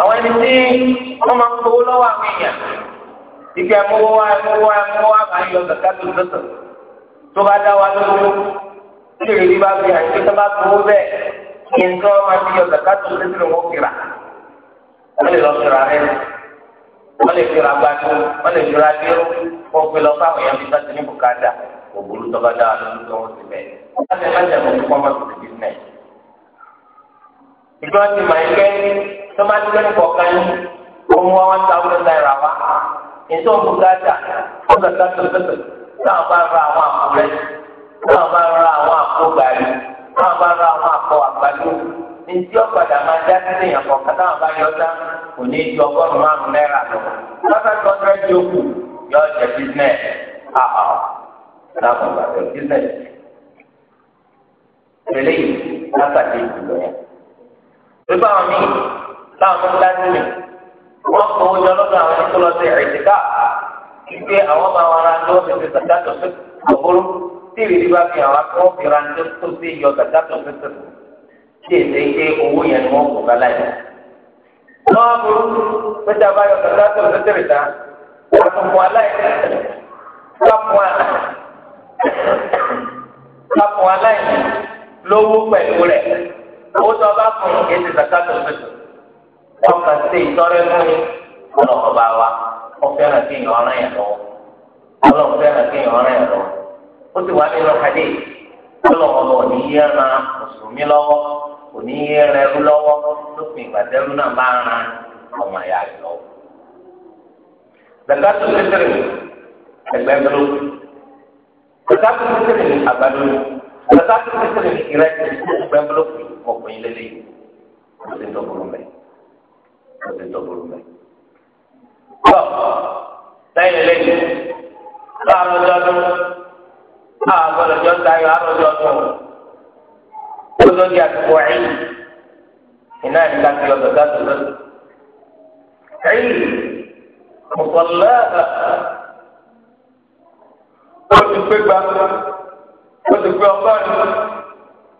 àwọn ẹni tí wọ́n máa ń gbowó lọ́wọ́ àwọn èèyàn ìgbà ẹ̀mọ́wọ́ wa ẹ̀mọ́wọ́ wa ẹ̀mọ́wọ́ tó bá dá wa lóko. tí ìrírí bá fi hàn kí tó bá gbowó bẹ́ẹ̀ kí n tó máa fi ọ̀dà káàtó lẹ́sìn kira wọ́n lè lọ sọ̀rọ̀ mau wọ́n lè fi ra gbadú wọ́n lè fi ra dérò kó o gbé lọ saja mau bí sátẹ̀ ní bùkátà òbúrú tó bá dá wa lójú tó wọ́n ti bẹ̀. láti má jẹ́ òkú kọ́ máa tètè bísíǹnẹ̀. àpò gàrí táwọn bá ra àwọn àpò àgbàdo ní tí ọ̀padà máa já sí èèyàn kọ̀ọ̀kan táwọn bá yọ dá kò ní ju ọgọ́rùn-ún náírà lọ. lọ́sẹ̀ tó ń rẹ́ di yọ ọ̀jẹ̀ business àhà láwọn ìgbàgbọ́ business. tẹ̀lé látàdé ìlú yẹn. pípa àwọn míì láwọn tó ń dá sí mi wọ́n kó owó jọ lọ́dọ̀ àwọn ẹni tó lọ sí ẹ̀ẹ́dẹ́gà ìgbé àwọn máa wọn ra lọ́wọ́ tí ìrírí bá fi àwọn akọ́ fìrà ń tó sí iyọ̀ gàdá tó fẹ́fẹ́ tí èsè ike owó yẹn ni wọ́n kò bá láyé. wọ́n burú pété abáyọ̀ gàdá tó fẹ́fẹ́ rẹ̀ ta àtùkù aláìní kápù aláìní kápù aláìní lówó pẹ̀lú rẹ̀ owó tó bá fún un kì í ti gàdá tó fẹ́fẹ́ ọkà sí ìtọ́rẹ́ fún mi ọlọ́kọ̀ bá wa ọ̀fẹ́ràn kí ìyọ̀ ọ̀rẹ́ yẹn lọ́wọ́ ọlọ́kọ̀ fẹ́ràn kí ìyọ̀ ọ̀rẹ́ yẹn lọ́wọ́ ó sì wá nínú kàdé lọ́lọ́wọ́ lọ ní yé ran mùsùlùmí lọ́wọ́ kò ní yé rẹrú lọ́wọ́ lópin ìgbà tẹ́rú náà bá ran ọmọ ìyá rẹ̀ lọ́wọ́. zakatul fitri ẹgbẹgbẹrún zakatul fitri àgbàdo zakatul fitri ìrẹsì ẹgbẹgbẹrún ọkùnrin lélẹyìn kò sí tóburú mẹ kò sí tóburú mẹ. lọ lẹ́yìn lẹ́yìn lọ àwọn àwọn ah, gbọ́dọ̀ jọ ń tayọ àròjọ ọdún olórí àtúkọ ẹ̀yìn iná ìdílé àti ọdọ dáàtò lọdọ ẹ̀yìn mọ̀tọ́lá ó ti pé gba ó ti pé ọgọ́rin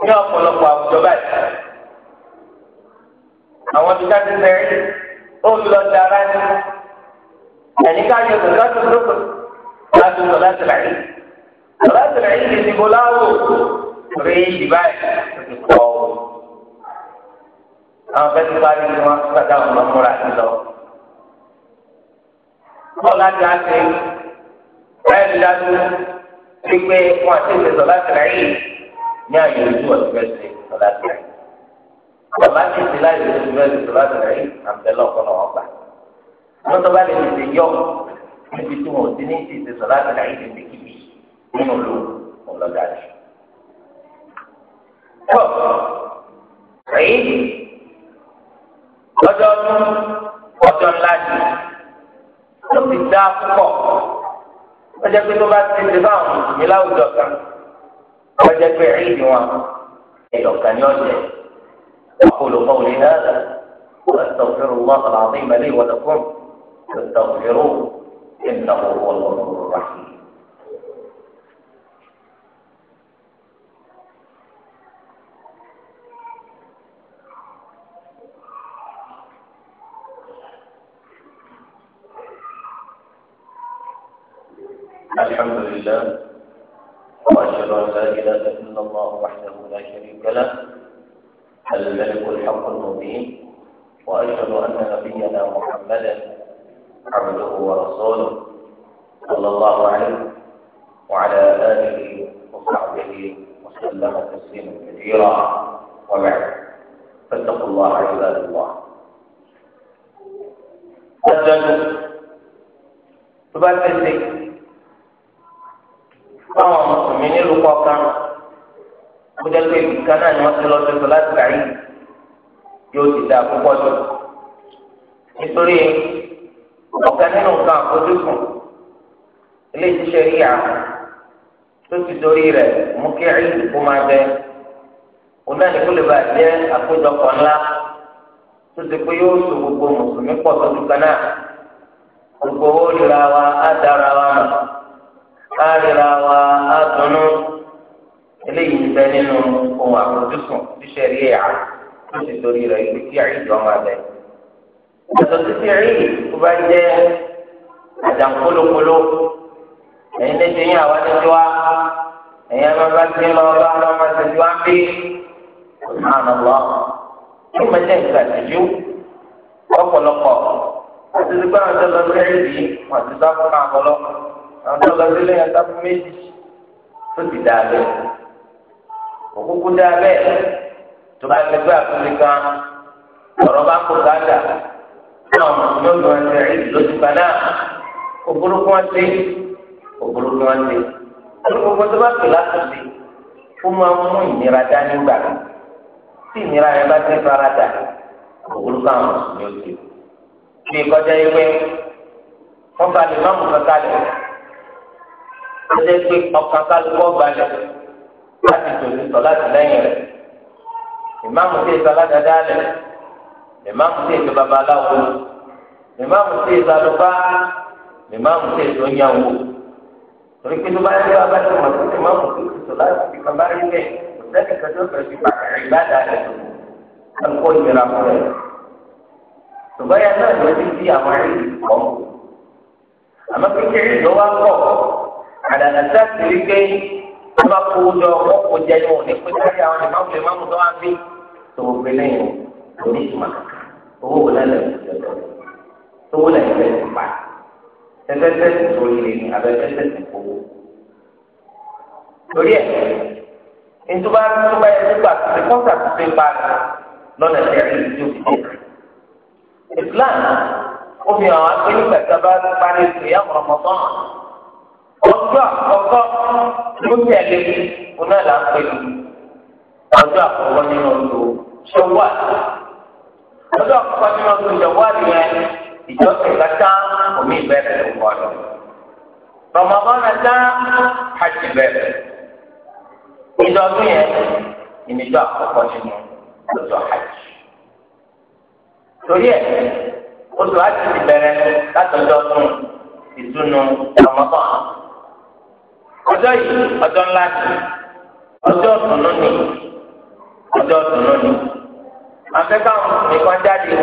ní ọ̀pọ̀lọpọ̀ àwùjọ báyìí àwọn ti dájú sẹ́yìn ó lọ dára ní ẹ̀yìn ká yọ ọdọ dáàtò lọdọ láti sọ láti rà yìí. Àlọ́sẹ̀ rẹ̀ yìí ti bọ́ láwò rí ìbáyìí ti pọ̀ o. Àwọn fẹ́ ti parí ni wọ́n gbàdá ọ̀nà múra sí lọ. Ọ̀la ti á ṣe báyìí ti dájú sí pé wọ́n ti ṣe sọ̀lá ti rẹ̀ yìí ní àyè ojú ọ̀sẹ̀ fẹ́ ṣe sọ̀lá ti rẹ̀ Bàbá ti ṣe láì lè ṣe fẹ́ ṣe sọ̀lá ti rẹ̀ yìí àbẹ̀lẹ̀ ọ̀pọ̀ náà ọ̀gbà. Wọ́n tó bá lè ṣe yọ níbi tí wọn ti ní ti ṣe sọ̀lá ti rẹ̀ yìí nínú ìlú ọlọ́dà jù. tó èyí ọjọ́ ọdún ọjọ́ ńlá jù ló ti dá púpọ̀ ó jẹ́ pé tó bá ti ṣe báwọn mùsùlùmí láwùjọ kan ó jẹ́ pé èyí ni wọn ẹ̀yọ̀kan ní ọ̀jẹ̀ أقول قولي هذا وأستغفر الله العظيم لي ولكم فاستغفروه إنه هو الغفور الرحيم الله وأشهد أن لا إله إلا الله وحده لا شريك له الملك الحق المبين وأشهد أن نبينا محمدا عبده ورسوله صلى الله عليه وعلى آله وصحبه وسلم تسليما كثيرا وبعد فاتقوا الله عباد الله فبعد ذلك táwọn mùsùlùmí nílùú kọ̀ọ̀kan kó jẹ́ pé ìkan náà ni wọ́n ti lọ sí sọ láti gbà yìí yóò ti dà púpọ̀ jù nítorí ọ̀kan nínú nǹkan àfojúsùn ilé iṣẹ́ ríà tó ti dorí rẹ̀ mú kí ẹ̀yìn kó máa bẹ òun náà ní kó lè bàa jẹ́ àkójọpọ̀ ńlá tó ti pé yóò káríra wa á dunnú eléyìí ń bẹ nínú ohun àfojúsùn ṣíṣe rí ẹ̀yà tó ti torí rẹ̀ ibi tí àìjọ ọmọ rẹ̀. yàtọ̀ títí rí tó bá jẹ́ àjà kólókóló ẹ̀yin lè ṣe yín àwa títí wá ẹ̀yin ẹ̀ma bá ti lọ bá lọ́ máa tẹ̀sí wá bí ọ̀nà lọ. yóò máa jẹ́ ìgbà tìjú ọ̀pọ̀lọpọ̀ àti ti gbọ́dọ̀ tó lọ sí ẹ̀rí yìí wọ́n ti sá fún àbọ̀lọ́pọ̀ àwọn tó lọ sílé yẹn sáfù méjì tó ti dáa bẹ́ẹ̀ òkúkú dáa bẹ́ẹ̀ tó bá ti gbé àkúrẹ́ kan ọ̀rọ̀ bá kó káàdà náà mọ̀ ní ọ̀nà ẹ̀sẹ̀ rẹ̀ lójú kan náà òbúrúkú wọn ti òbúrúkú wọn ti olùkókó tó bá tó láti ti ó máa mú ìnira dání gbà tí ìnira yẹn bá ti fara dà òbúrúkú àwọn mùsùlùmí ó ti bí kọjá yìí pé wọ́n bá lè má mú kankan lẹ̀ ọjọ́ pé ọkàn kálukọ́ balẹ̀ láti tòlú sọ láti lẹ́yìn rẹ̀ ìmáàmù tí èso aládàáda lẹ̀ ìmáàmù tí èso babaláwo ìmáàmù tí èso alùpá ìmáàmù tí èso nyàwó torí pé tó bá yẹ wá bá tó mọ̀ tó ìmáàmù tó ti sọ láti fi kan bá rí bẹ́ẹ̀ kò sẹ́ni kan tó fẹ́ fi pàtàkì ìgbàdà rẹ̀ kó ìnira fún rẹ̀ tòbáyà náà ló ti di àwọn ẹ̀rí kọ́ àmọ́ kékeré ìlú pọ̀ àdàdà sáàtì rí pé wọ́n bá kó jọ wọ́n kó jẹ yóò ní pé káyà àwọn ìmọ̀ àwọn ìmọ̀ àwọn tó wá bí tòwò pé lẹ́yìn lórí ìmọ̀ owó wò lálẹ́ òṣèlú owó lẹ́yìn fẹ́ ti pa ẹgbẹ́ tẹ̀sí sórí rẹ̀ ní abẹ́fẹ́ tẹ̀sí owó. torí ẹ̀ ntúbà ntúbà yẹn nígbà tí kọ́ńtà ti fi pa lọ́nà tẹ̀sí tó fi dé. Islam ó fi hàn wá pé nígbà tí a bá parí ìsìyàmù Ramadan ọjọ́ àkọ́kọ́ ló tẹ̀lé oná là ń pè é ọjọ́ àkọ́kọ́ nínú ọdún ṣọwọ́ ọjọ́ àkọ́kọ́ nínú ọdún ṣọwọ́ yẹn ìjọsìn kata omi bẹ́ẹ̀ ló kọ́ lọ. rọmọbọ́nà tá hajj bẹ́ẹ̀ ìjọ ọdún yẹn ìníjọ àkọ́kọ́ nínú ọjọ́ hajj. torí ẹ̀ oṣù hajj ti bẹ̀rẹ̀ látọjọ́ tún ìtúnu rọmọbọ́nà. ọjọ́ yìí ọjọ́ ńlá ni ọjọ́ ọ̀túnú ni ọjọ́ ọ̀túnú ni akẹ́kọ̀ọ́ nìkan jáde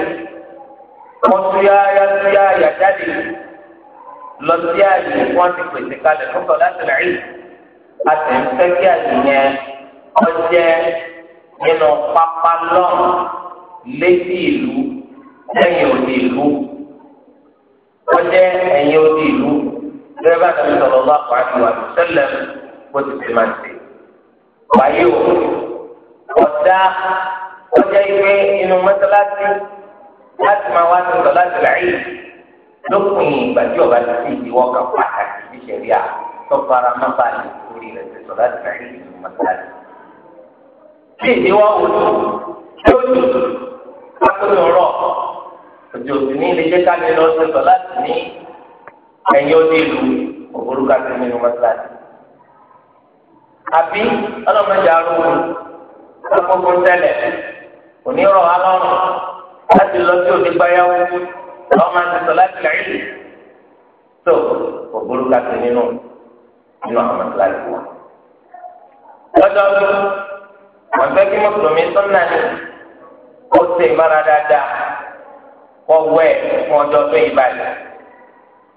wọ́n túyáyá túyáyá jáde lọ sí àyè wọ́n ti pèsè kalẹ̀ lọ́kọ̀ láti rẹ̀ yìí a sì ń fẹ́ kí àyè yẹn ọjẹ́ nínú pápá lọ́n létí ìlú ẹ̀yìn òdi ìlú ọjẹ́ ẹ̀yìn òdi ìlú bẹ́ẹ̀ bá nàbí sọ̀rọ̀ bá kọ́ àti wà ní sẹ́lẹ̀ bó ti ti máa ṣe. Wáyé o, ọ̀dà ọjà ìwé inú mọ́sálásí láti máa wá sí sọ̀lá ti ràyè lópin ìgbà tí ọba ti fi ìdíwọ́ kan pàtàkì ní sẹ̀ríà tó fara má bá lè kórè rẹ̀ sí sọ̀lá ti ràyè inú mọ́sálásí. Bí ìdíwọ́ wò ló tó dùn kákó ní ọ̀rọ̀ òjò òsì ní ilé jẹ́ ká lè lọ sí sọ̀lá ti ní ẹ̀yin ó dìlù òbúrúkà sí nínú mọ́tíláṣí. àbí ọlọ́mọdé arúgbó lákòókò tẹ́lẹ̀ onírọ̀ alọ́run láti lọ sí onígbáyàwó ọmọ àti sọ láti lẹ́yìn tó òbúrúkà sí nínú nínú àwọn mọ́tíláṣí wa. lọ́dọọdún wọ́n fẹ́ kí mùsùlùmí sọ́nà ni ó ṣe ìmára dáadáa kọ́ wẹ̀ fún ọjọ́ tó yí báyìí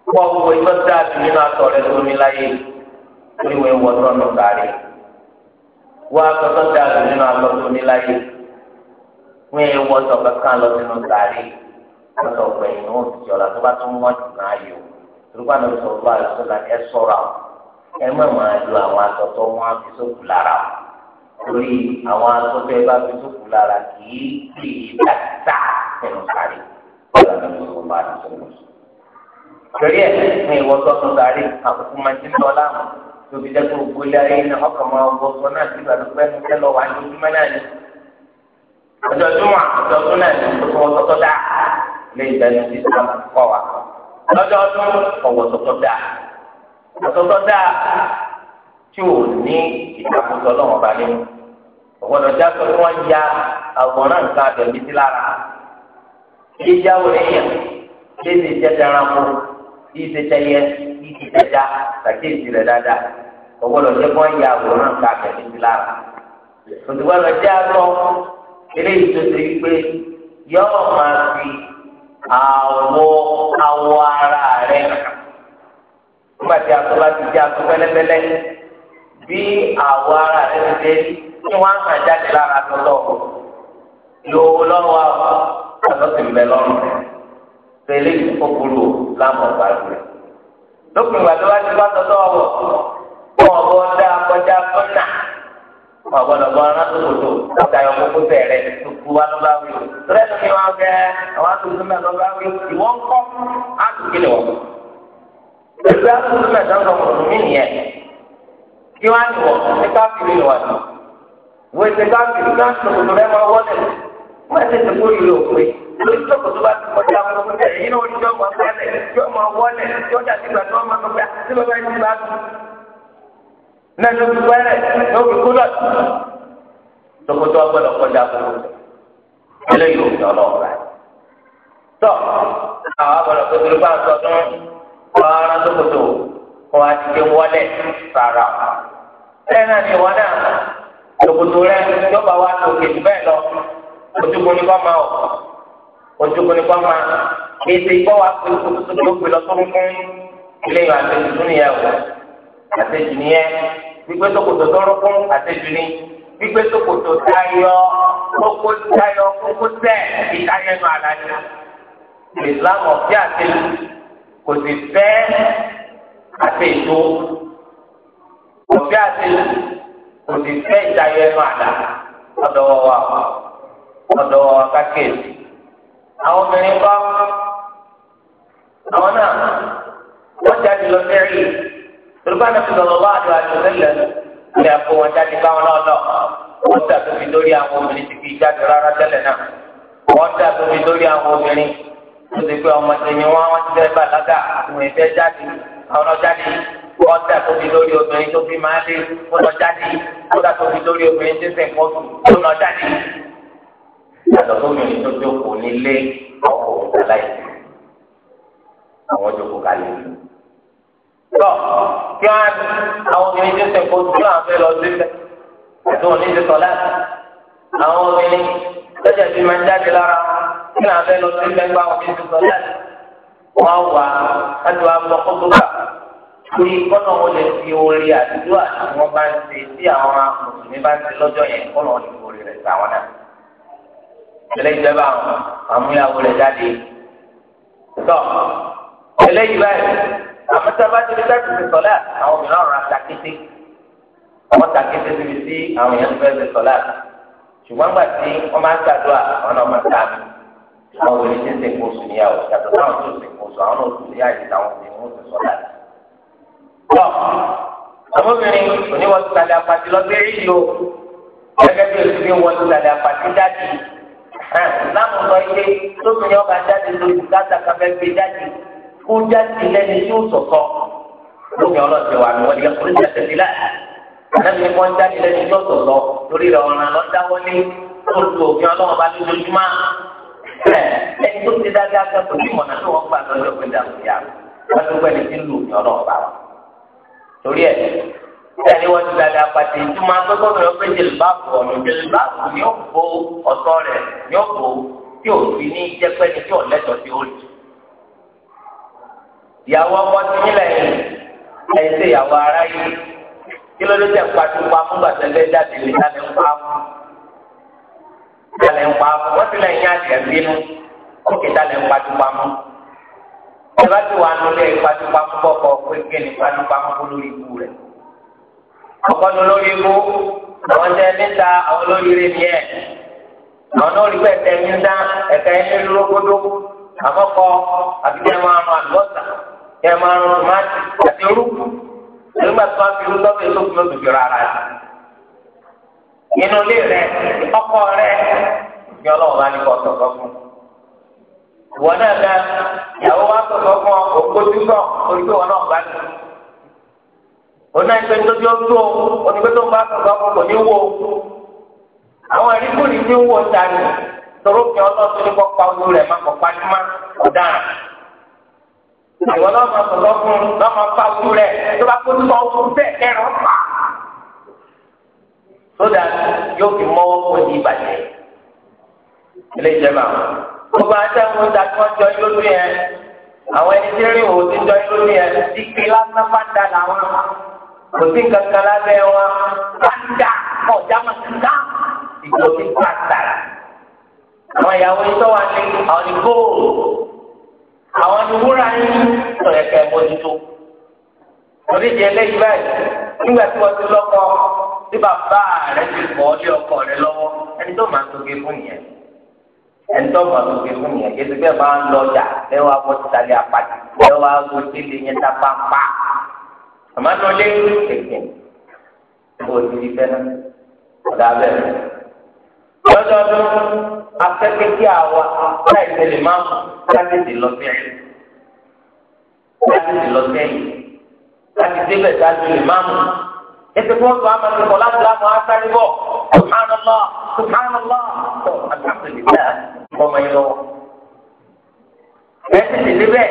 kó ọwọ́ ìtọ́ dáàbì nínú atọ̀ rẹ tó ní láyé oníwèé wọ tọ́nu kárí wọ atọ́ tó dáàbì nínú atọ́ tó ní láyé wọ́n yẹ wọ́ tọ́ kankan lọ sínú kárí wọ́n tọ́ gbẹ̀yìn wọn ti jọ la tó bá tún wọ́n jù náà yò turuba ní sọ fún àlùsọ la ẹ sọra o ẹ má máa lo àwọn atọ́tọ́ wọn fi sókù lára o torí àwọn atọ́tọ́ ẹ bá fi sókù lára kì í kì í dàgbà nínú kárí wọ́n lọ sọ fún àlùsọ lọ sọ torí ẹ ní ìwọ tó tún sáré àkókò máa ti ń lọ láàmú tóbi jẹ kó gbogbo ilé ayé ní ọkàn máa wọ sọ náà sí ìgbà tó pẹ́ tó tẹ́ wà ní ojúmọ́ náà ni ọjọ́júmọ́ ọjọ́dún náà ni tó wọ́n tọ́tọ́ dáa lé ìdáná ti sọ kọ́ wa lọ́dọọdún ọ̀wọ́ tọ́tọ́ dáa tọ́tọ́ dáa tí ò ní ìdàkùtọ̀ lọ́wọ́ bá nínú ọ̀gbọ́dọ̀ já sọ fún wọn ya àwòrán nǹkan àbẹ̀mí sí lára yíyáwó ẹ̀yàn léde jẹ́ dára yìí ti tẹyẹ yìí ti tẹja sàkéèjì rẹ dáadáa ọgbọdọ jẹ kó ya àwòrán ká kẹsì ti lára òtùgbọdọ jẹ àtọ eléyìí tó ti gbé yọọ máa fi àwọ àwọ ara rẹ nígbà tí aṣọ bá ti jẹ aṣọ pẹlẹpẹlẹ bí àwọ ara rẹ ti dé ní wọn kàn jáde lára tọtọ yòówó lọ́wọ́ àwọn àtọ sì ń bẹ lọ́rùn rẹ tẹ̀lé ìkókòrò láwọn ọ̀gá rẹ̀. lópin ìgbà tó bá ti bá tọ́tọ́ ọ̀wọ̀ fún ọ̀bọ dá kọjá fúnà wọn gbọ́dọ̀ bọ ọ̀rán tó kòtò látàrí ọkókó tẹrẹ tuntun wa ló bá wí o tẹ́lẹ̀ tó fi wọn gẹ àwọn àtúntò mẹ ló bá wí ìwọ ń kọ àtúntò lè wọ. ìgbà àtúntò mẹ sọ́kọ̀ mùsùlùmí nìyẹn kí wọ́n á nìwọ̀ ṣe káfíìrì wà ní. ìwé ṣe káfíìrì náà tó kòtò rẹ̀ máa wọlé wọ́n ti ti kó ìlú òpin lójútó kò tó bá ti kọjá fún un ẹ̀yìn náà oníjọ́ wọn wọlé yóò máa wọlé yóò dàbí ìgbà tó máa gbà tí bàbá yìí bá tù. nẹ́ẹ̀ni oṣù pẹ́rẹ́ ló fi kú lọ. tókòtò ọgbọ́dọ̀ kọjá fún un eléyìí ò sọ lọ́wọ́ rẹ̀. tọ́ àwọn àgbọ̀dọ̀ tó ti bá sọ fún ọ̀rọ̀ tókòtò kọ́ wa ti ké wọlé rárá. bẹ́ẹ̀ náà ni ìwọ náà tókòtò rẹ̀ yóò bá wa tó kejì bẹ́ẹ̀ lọ ojú ojúkùn ní kọ́ máa ètò ìkọ́ wa pé olùsọ́dọ̀ ló pè lọ́sọ́rọ́ fún iléyìn àtẹ̀jù tó nìyẹn o àtẹ̀jù nìyẹn gbígbé sókòtò tọrọ fún àtẹ̀jù ni gbígbé sókòtò tayọ kókó tayọ kókó tẹ̀ ìtayẹnu àlàyé ìsìlámù ọ̀fẹ́ àtẹ̀jù kò sì fẹ́ àtẹ̀jù ọ̀fẹ́ àtẹ̀jù kò sì fẹ́ ìtayẹnu àlà ọ̀dọ̀ wa ọ̀dọ̀ wa kákèésì àwọn obìnrin bá àwọn náà wọ́n jáde lọ sẹ́rí tòlúbà náà tòlọ́ lọ́wọ́ àdúrà tó lẹ́lẹ̀ ní àpò wọn jáde báwọn náà lọ wọ́n dàbí lórí àwọn obìnrin tí kì í jáde rárá tẹ́lẹ̀ náà wọ́n dàbí lórí àwọn obìnrin tó ti pé ọmọdé ni wọ́n wọ́n ti fẹ́ bàlágà àwọn ìfẹ́ jáde àwọn náà jáde wọ́n dàbí lórí obìnrin tó fi máa lé wọ́n náà jáde wọ́n dàbí lórí obìnrin tó fẹ́ yàtọ̀ sómìnrin tó jókòó nílé ọkọ̀ òǹtàláì àwọn jókòó kalẹ̀ tọ́ kí wọ́n àwọn obìnrin tó sẹ̀kọ́ tó àwọn fẹ́ lọ sílẹ̀ ẹ̀tọ́ òní ti sọ láti àwọn obìnrin lọ́jà tí máa ń jáde lára kí àwọn fẹ́ lọ sílẹ̀ gba òní ti sọ láti wọ́n wà láti wá gbọ́ kótó bá pé kọ́nà wọn lè fi orí àdúrà tí wọ́n bá ń ṣe tí àwọn mùsùlùmí bá ń ṣe lọ́jọ́ yẹn kọ́nà wọn lè fi orí rẹ̀ sàwọn náà eléyìí bẹ́ẹ̀ bá àmúyàwó rẹ̀ jáde tọ́ eléyìí báyìí àmúṣabájú ní láti fi sọ̀lá àwọn obìnrin ọ̀rọ̀ àtàkété àwọn tàkété síbi tí àwọn èèyàn fẹ́ fi sọ̀lá ṣùgbọ́n gbà tí wọ́n máa ń ṣàdúrà àwọn náà máa ń ṣàmì àwọn obìnrin tí ń ṣe kóso níyàwó yàtọ̀ táwọn tó ṣe kóso àwọn náà tó yá ìdí táwọn obìnrin wọn ti sọ̀lá. tọ́ àwọn obìnrin oníwọ̀n ti tàlẹ̀ apàtì lọ sí rí láwọn sọ ilé lómi ni ọba jáde lórí gáàsà káfẹ́ gbé jáde kó jáde lẹ́ni yóò sọ̀tọ̀ lómi ọlọ́sẹ̀ wà ní wọ́n yẹ kó jáde sílẹ̀ ànábi ni wọ́n jáde lẹ́ni yóò sọ̀tọ̀ lórí rẹ̀ ọ̀ràn lọ́dáwọ́lé tó lu òfin ọlọ́wọ́n bá lójoojúmọ́ ẹni tó ti dáadáa kan kò ní mọ̀nà tó wọ́n gbà lọ́jọ́ pé dàrú yá wọ́n tó gbẹ́ni tí ń lu òfin ọlọ́wọ́n wa torí ẹ̀ nígbà tí wọ́n ti dada pàtẹ ìtumọ̀ akẹ́kọ̀ọ́ mi ọ̀pẹ jìlbáàbù ọ̀nà jìlbáàbù ni ó bo ọ̀tọ̀ rẹ̀ ni bo tí ò fi ní jẹ́pẹ́ ni tí ò lẹ́tọ̀ọ́ sí òòlù. ìyàwó ọkọ ti nílẹ̀ yìí ẹ̀yìn sí ìyàwó ara yìí kí ló dé tẹ̀ pàtó pa fún gbàtẹ́lẹ́ jáde lè dálẹ̀ ń pa fún. dálẹ̀ ń pa fún wọ́n ti lẹ́yìn àjẹ́ bínú kókè dálẹ̀ ń pàtó pa fún. ìjọba ti wà nulẹ̀ ìpàtó pa fún bọ́kọ̀ pé kí ọkọdun lórí ikú àwọn tẹ níta àwọn lórí ni ẹ àwọn náà rí pẹtẹ ẹka ẹni lókodo àmọkọ àti máa rún àlùbọ́sà kẹ máa rún tòmátì àti orúkú nígbà tí wọn fi tó jọra ara rẹ inú ilé rẹ ọkọ rẹ bá ní fún wọn náà ìyàwó wa fún ọ òkú tó sọ ọ̀nà ìpè tó bí ó tó onígbé tó ń bá sọ̀rọ̀ ọkọ̀ ní wo àwọn ìrìkùnrin ti ń wo dání sọ̀rọ̀ fi ọlọ́sọ ní kọ́ pa owó rẹ̀ má kọ́ pàjùmá ọ̀daràn. àwọn ọlọ́mọ sọ̀rọ̀ fún lọ́mọ pa owó rẹ̀ tó bá kó tó owó bẹ́ẹ̀ kẹrọ pa. sódà yóò fi mọ́wọ́ kó di ìbàjẹ́ ilé ìjẹba gbogbo àtẹ̀wọ̀n ìdájọ́ jọ yóò lóyè àwọn ẹni tí ń rí òwò ti jọ yóò lóyè ìpè lásán bá dà láwọn kò sí nǹkan kan lábẹ́ wọn pátá ọ̀já máa ti dá ìjọ ti pátá. àwọn ìyàwó iṣẹ́ wa ní àwọn ní góòlù àwọn ní wúrà yín sọ̀rọ̀ ẹ̀kẹ́ mójútó. torí di eléyìí báyìí nígbà tí wọ́n ti lọ́kọ tí bàbá rẹ̀ ti bọ̀ ọ́ lé ọkọ rẹ̀ lọ́wọ́ ẹni tó máa tóge fún yẹn ẹni tó máa tóge fún yẹn kí ẹsẹ̀ bẹ́ẹ̀ máa ń lọ ọjà lẹ́wọ́ abọ́ ti tàlẹ́ apàdé lẹ́wọ́ abọ́ ti lè yẹn tá pàmpá àmọ́ àná lé kẹ̀kẹ́ kó ti di fẹ́ náà ọ̀dà bẹ́ẹ̀. lọ́dọọdún afẹ́kẹ́ kí àwa láì tẹ̀lé máa mú láti ti lọ sẹ́yìn láti ti lọ sẹ́yìn láti débẹ̀ láti lè máa mú. ètò fún ọ̀sán àmọ́ ìkọ̀ láti láwọn asáré bọ̀ subhanallah subhanallah alhamdulilayi ọmọ yìí lọ́wọ́. ẹ ti ti débẹ̀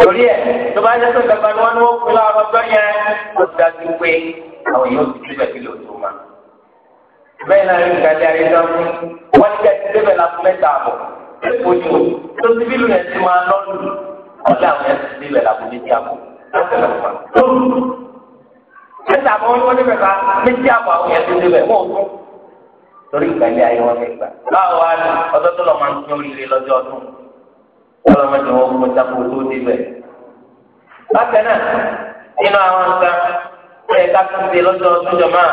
torí ẹ̀ tó bá jẹ́ pé kankan ni wọ́n ní wọ́n kú láàárọ̀ ọjọ́ yẹn ó dájú pé àwọn yóò ti débẹ̀ kí lóòótọ́ ma. bẹ́ẹ̀ náà rí nǹkan lé ayé náà fún wọ́n ti tẹ̀sí débẹ̀ láti mẹ́ta àbọ̀ lẹ́kọ̀ọ́jú tó ti bí lùlẹ̀ ti máa lọ́ọ̀lù ọ̀lẹ́ àwọn yẹn ti débẹ̀ láti méjì àbọ̀ mẹ́ta àbọ̀ wọn ni wọ́n débẹ̀ àbọ̀ àwọn yẹn ti débẹ̀ wọ́n tún torí ìgbàlẹ̀ ayé wọn fẹ́ gbà ọlọ́mọdé wọn kó tako tó débẹ̀. bákan náà nínú àwọn nǹkan ẹ̀ ká tó ṣe lọ́dọọdún jọ̀mọ́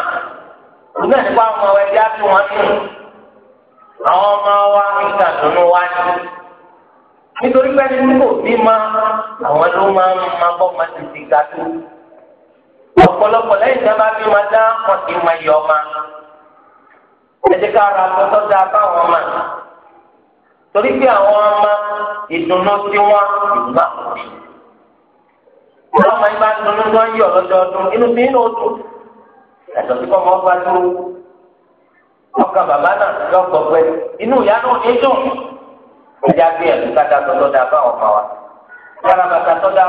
ìgbà nípa àwọn ọmọ ẹgbẹ́ àti wọn nù àwọn ọmọ wa níta dùnú wa ní. nítorí pé ní kò bí ma àwọn ló máa ń ma bọ́ ma ti ti ga tó. ọ̀pọ̀lọpọ̀ lẹ́yìn tí bí ma dá wọn ma yọ ọma. ẹ jẹ́ ká ra tọ́tọ́ da báwọn máa. torí pé àwọn ama ìdùnnú tí wọn ìgbà wọn ọmọ yìí bá dùnnú tó ń yọ inú bí inú oṣù ẹ̀tọ́ tí kọmọ bá tó ọkà bàbá náà lọgbọ pé inú ìyá náà ní dùn ẹjá gbé ẹlú kàtà tọdọ dá bá wa bàtà tọdọ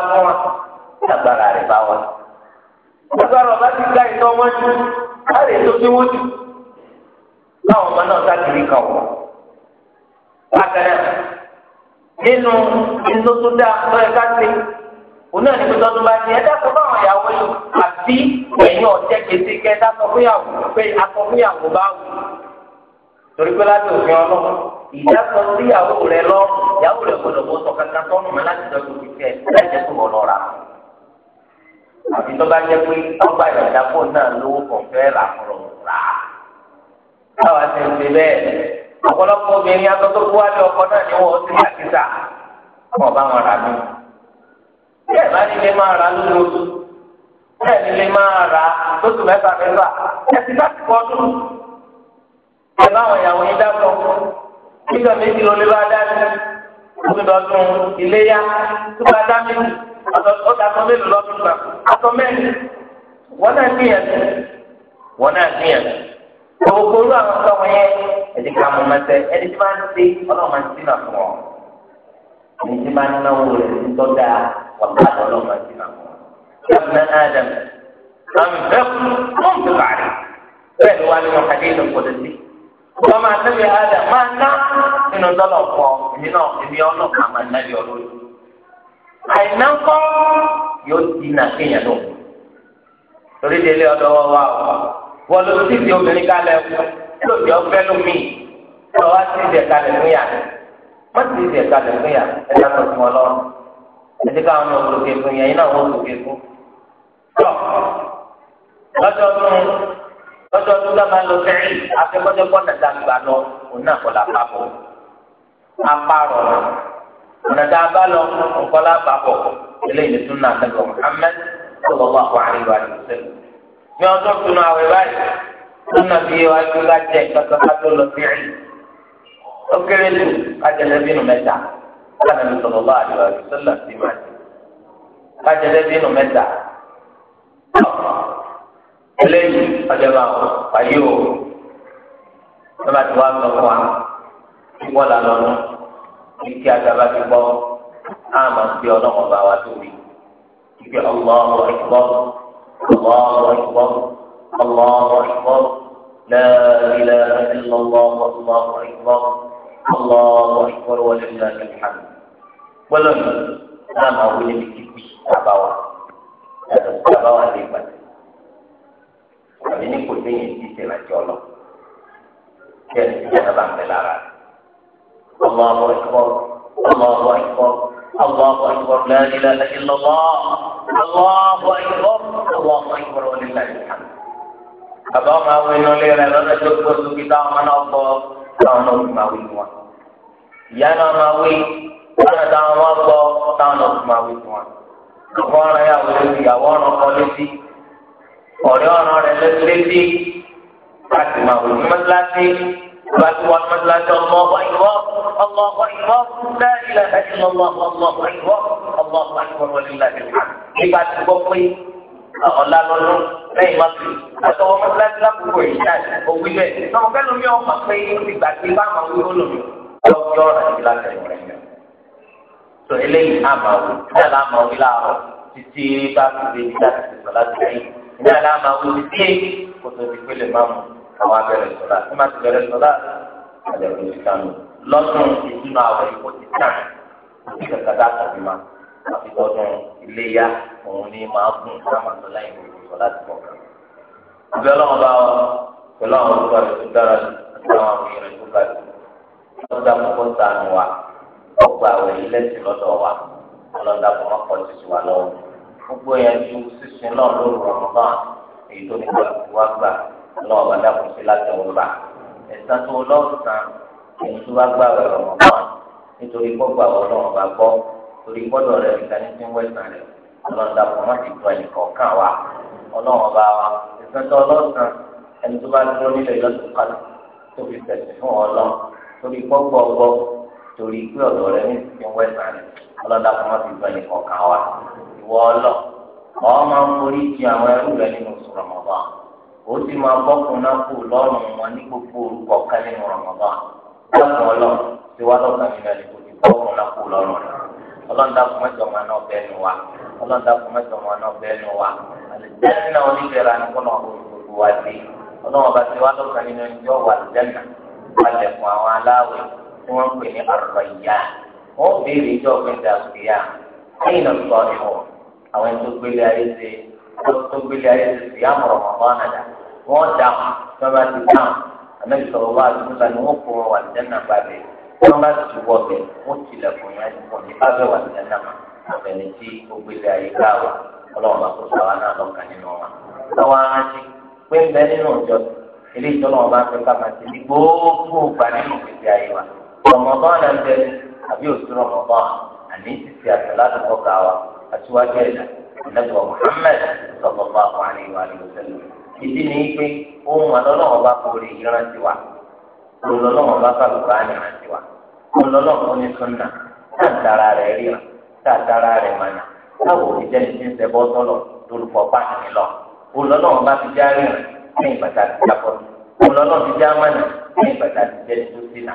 wa ọba ti ká ìtọ́ wọn jù lè tó bí jù. báwọn ọmọ náà bákan nínú nítorí dá lọ́yẹ ká sí òun náà ní pẹ̀lú ọdún bá ti ẹ dákọ̀ báwọn ìyàwó yìí àti ẹ̀yìn ọ̀jẹ́ kété kẹ́ dákọ̀ fúnyàwó pé akọ̀ fúnyàwó bá wù torí pé láti òfin rẹ lọ rẹ gbọdọ̀ bó sọ kankan mọ́ láti dọ́jú tó wọ́n tó bá jẹ́ pé ọgbà náà lówó ọ̀pọ̀lọpọ̀ obìnrin aṣọ tó kú wálé ọkọ náà ni wọ́n ti ní àkísà wọn bá wọn rà mí. bẹ́ẹ̀ bá nílé máa ra lóṣooṣù bẹ́ẹ̀ nílé máa ra lóṣù mẹ́fà mẹ́fà ẹ̀sì láti pọ̀ ọdún. ẹ bá àwọn ìyàwó yín dákọ̀ nígbà méjì ló lé bá dá sí ọdún iléyá tó bá dá méjì ọdún aṣọ mélòó lọ́dún gbà aṣọ mẹ́rin wọn náà gbìyànjú wọn náà gbìyànjú. gbogbo olú àwọn sọmọ yẹn ẹdí ká mọ mẹsẹ ẹdí tí máa ń ṣe ọlọ́run máa ń ṣe náà fún ọ ẹdí tí máa ń náwó rẹ ní na ọ̀tá ọlọ́run máa ń ṣe fún ọ. ń bẹ́ẹ̀ ni ní wọn kàdé wọ́n máa máa ná nínú dọ́là ọ̀pọ̀ èmi náà èmi máa yọ lórí. yóò nà kéèyàn lọ wọ́n ló ti di obìnrin kalẹ̀ ló di ọ̀fẹ́ ló mi lọ́ wá ti di ẹ̀kalẹ̀ fún yà má ti di ẹ̀kalẹ̀ fún yà ẹ̀ dá tuntun wọn lọ ẹ̀ ti káwọn náà lókè fún yà yín náà wọ́n lókè fún. tọ́ lọ́jọ́ tún lọ́jọ́ tún lọ́ba lọ sẹ́yìn afẹ́kọ́jọ́ gbọ́dọ̀ dàgbà lọ òun náà kọ́ la papọ̀ apárọ̀ ọ̀nàdà bá lọ nǹkan lápapọ̀ eléyìí tún náà ní ọjọ́ tunu àwẹ̀ báyìí lọ́nà bí wàá ju ká jẹ ìgbàgbọ́ ká tó lọ sí rí ó kéré lù ká jẹ lẹ́bínú mẹ́ta láti ní sọ̀rọ̀ bá àdìwà rẹ̀ sọ́là sí máa jẹ ká jẹ lẹ́bínú mẹ́ta eléyìí ọjọ́ bá wọn wáyé o ẹ bá ti wá lọ fún wa wọ́n là lọ́nà ìkí agaba ti gbọ́ àmà sí ọlọ́mọba wa tóbi ìgbẹ́ ọlọ́mọ ìgbọ́. الله أكبر الله أكبر لا إله إلا الله الله أكبر الله أكبر ولله الحمد ولم أنا أقول لك أبوا أبوا لك àbí ní kò déyìn tí tẹ̀lé àjọ lọ kí ẹni tí yàrá bá ń bẹ lára ọmọ ọmọ ẹ̀kọ́ ọmọ ọmọ ẹ̀kọ́. الله أكبر لا إله إلا الله الله أكبر الله أكبر ولله الحمد أبا ما وين لي لا لا تذكر سكتا من أبا تانو ما وين وان يا نا ما وين أنا تانو أبا تانو ما وين وان أبونا يا ولدي أبونا قلبي أريانا رجلتي أتما وين مسلاتي بعد وان من لا الله أكبر الله أكبر لا إله إلا الله الله أكبر الله أكبر ولله الحمد عباد بقي ọ̀la lọ́dún lẹ́yìn máa fi àtọwọ́ mọ́tíláṣí lákòókò yìí náà òwú ilẹ̀ náà fẹ́ lómi ọmọ pé ìgbà tí bá máa wí olómi lọ́jọ́ àti láti rẹ̀ rẹ̀. tó eléyìí náà máa wù náà náà máa wí láàárọ̀ títí bá fi dé ibi láti láti rẹ̀ yìí náà máa wù títí kò tó ti pélé máa mú àwọn abẹ́rẹ́ sọ̀lá tí má ti bẹ̀rẹ̀ sọ̀lá àjẹkùn ti kánú lọ́dún ìdúnà àwọn ipò ti tàn ní kàkàdá tàbí ma àfi lọ́dún iléyà òun ni máa gùn káwọn sọ̀lá ìwòye sọ̀lá ti bọ̀ kan. àbí ọlọ́run bá wọn pẹ̀lú àwọn olùkọ́ rẹ̀ tó dára àti àwọn àwòyìn rẹ̀ tó ga jù lọ́dún àkọ́kọ́ sànù wa ọgbà àwẹ̀ ilẹ̀ sí lọ́dọ̀ wa ọlọ́dún àkọ́kọ́ ọlọ́wọ́ bá dàpọ̀ sí láti ọ̀rọ̀ bá ẹ̀sán tó lọ́sàn ẹni tó bá gbà wẹ̀rọ̀ wọn bá nítorí kó gbà wọ́n lọ́wọ́ bá gbọ́ torí gbọ́dọ̀ rẹ̀ níta ní tí ń wẹ̀sán rẹ̀ ọlọ́run dàpọ̀ má ti tọ́ ẹnì kọ̀ọ̀kan wa ọlọ́wọ́ bá wa ẹ̀sán tó lọ́sàn ẹni tó bá dúró nílẹ̀ lọ́sùn kálù tó fi tẹ̀sí fún ọlọ́run torí gbọ́gbọ́ gbọ́ torí pé ọ̀dọ̀ rẹ̀ ní ti ń wẹ̀sán rẹ̀ ọlọ́dà má ti tọ́ ẹnì kọ̀ọ̀kan wa ìwọ ọlọ́ ọ̀ máa ń forí jì àwọn ẹrú rẹ̀ nínú sùrọ̀mọ́bà ó sì máa bọ́kùn náà kù lọ́rùn wọn ní gbogbo orúkọ kan nínú Ramadan dákun ọlọ́run tí wàá lọ́kàn nínú ẹni kò ti bọ́kùn náà kù lọ́rùn rẹ̀ ọlọ́run dákun mẹ́jọ máa náà bẹ́ẹ̀ nu wa ọlọ́run dákun mẹ́jọ máa náà bẹ́ẹ̀ nu wa àlùjẹ́ni náà oníbẹ̀rẹ̀ anìkọ́nà gbogbo wa dé ọlọ́run ọba tí wàá lọ́kàn nínú ẹni tí wọ́n wà lùjẹ́nà wà lẹ̀kùn àwọn aláwẹ̀ tó gbélé ayé ti yá mọ̀rọ̀ mọ̀mọ́ nàdà wọ́n dáhùn tó bá ti dáhùn àmẹ́lì sọ̀rọ̀ wá àdúgbò ni wọ́n kó wọn wà ní jẹ́nà gbàgbé wọ́n bá ti wọ̀ bẹ̀ wọ́n tilẹ̀ fún yẹn wọ́n ní bá bẹ̀ wà ní jẹ́nà mà àbẹ̀ni tí ó gbélé ayé gbà wà ọlọ́run bá kó sàwọn náà lọ́kàn nínú wọn. àwọn arántí pé ń bẹ nínú ìjọ ilé ìtọ́lọ́wọ́n bá fẹ́ wa ànábì Muhammad sallallahu alaihi wa sallam ìdí ni pé ohun ọlọ́lọ́wọ́ bá kórè ìrántí wa ohun ọlọ́lọ́wọ́ bá kàlùkà ìrántí wa ohun ọlọ́lọ́wọ́ ní sunna tá a dára rẹ̀ ríra tá a dára rẹ̀ mọ̀nà táwọn òṣìṣẹ́ ti ń ṣe bọ́ sọ́lọ̀ lórúkọ pàṣẹ lọ ohun bá ti já ríra ní ìbàtà ti jábọ̀ ohun ọlọ́wọ́ ti já mọ̀nà ní ìbàtà ti jẹ́ tó sínà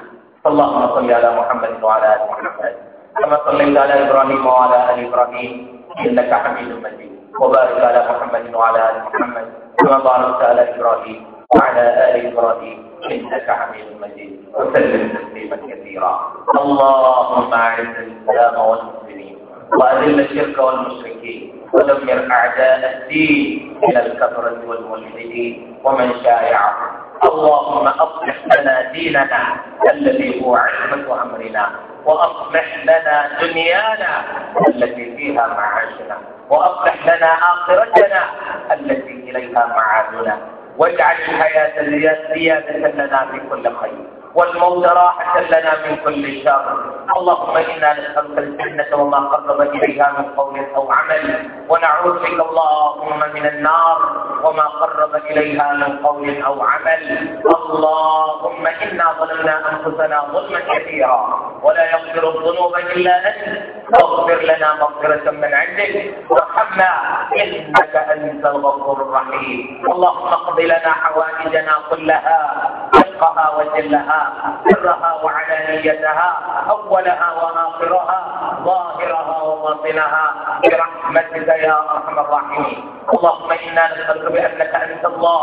اللهم صل على محمد وعلى ال محمد كما صليت على ابراهيم وعلى ال ابراهيم إنك حميد مجيد وبارك على محمد وعلى آل محمد كما باركت على إبراهيم وعلى آل إبراهيم إنك حميد مجيد وسلم تسليما كثيرا اللهم أعز الإسلام والمسلمين وأذل الشرك والمشركين ودمر أعداء الدين من الكفرة والملحدين ومن شايعهم اللهم أصلح لنا ديننا الذي هو عصمة أمرنا وأصلح لنا دنيانا التي فيها معاشنا وأصلح لنا آخرتنا التي إليها معادنا واجعل الحياة زيادة لنا في كل خير والموت راحة لنا من كل شر اللهم إنا نسألك الجنة وما قرب إليها من قول أو عمل ونعوذ بك اللهم من النار وما قرب إليها من قول أو عمل اللهم إنا ظلمنا أنفسنا ظلما كثيرا ولا يغفر الذنوب إلا أنت فاغفر لنا مغفرة من عندك وارحمنا إنك أنت الغفور الرحيم اللهم اقض لنا حوائجنا كلها رقها وجلها سرها وعلانيتها أولها وآخرها ظاهرها وباطنها برحمتك يا أرحم الراحمين اللهم إنا نسألك بأنك أنت الله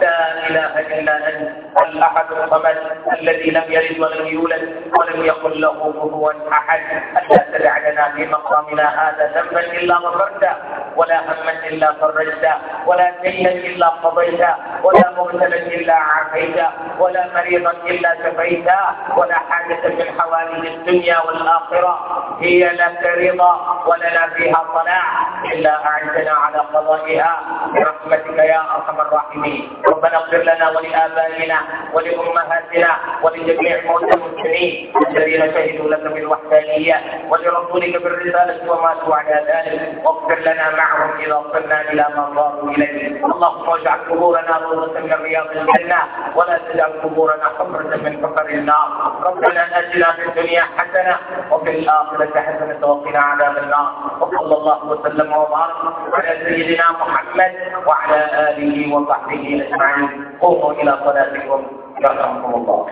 لا إله إلا أنت الأحد الصمد الذي لم يلد ولم يولد ولم يقل له كفوا أحد أن لا تدع لنا في مقامنا هذا ذنبا إلا غفرته ولا هما إلا فرجته ولا دينا إلا قضيته ولا مبتلا إلا عافيته ولا ولا مريضا إلا شفيتا ولا حاجة من حوالي الدنيا والآخرة هي لك رضا ولنا فيها صلاح إلا أعنتنا على قضائها برحمتك يا أرحم الراحمين ربنا اغفر لنا ولآبائنا ولأمهاتنا ولجميع موتى المسلمين الذين شهدوا لك بالوحدانية ولرسولك بالرسالة وماتوا على ذلك واغفر لنا معهم إذا وصلنا إلى ما صاروا إليه اللهم اجعل قبورنا روضة من رياض الجنة ولا تجعل قبورنا قبرة من فقر النار ربنا أجلنا في الدنيا حسنة وفي الآخرة حسنة وقنا عذاب النار وصلى الله وسلم وبارك على سيدنا محمد وعلى آله وصحبه أجمعين قوموا إلى صلاتكم يرحمكم الله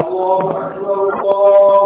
الله أكبر الله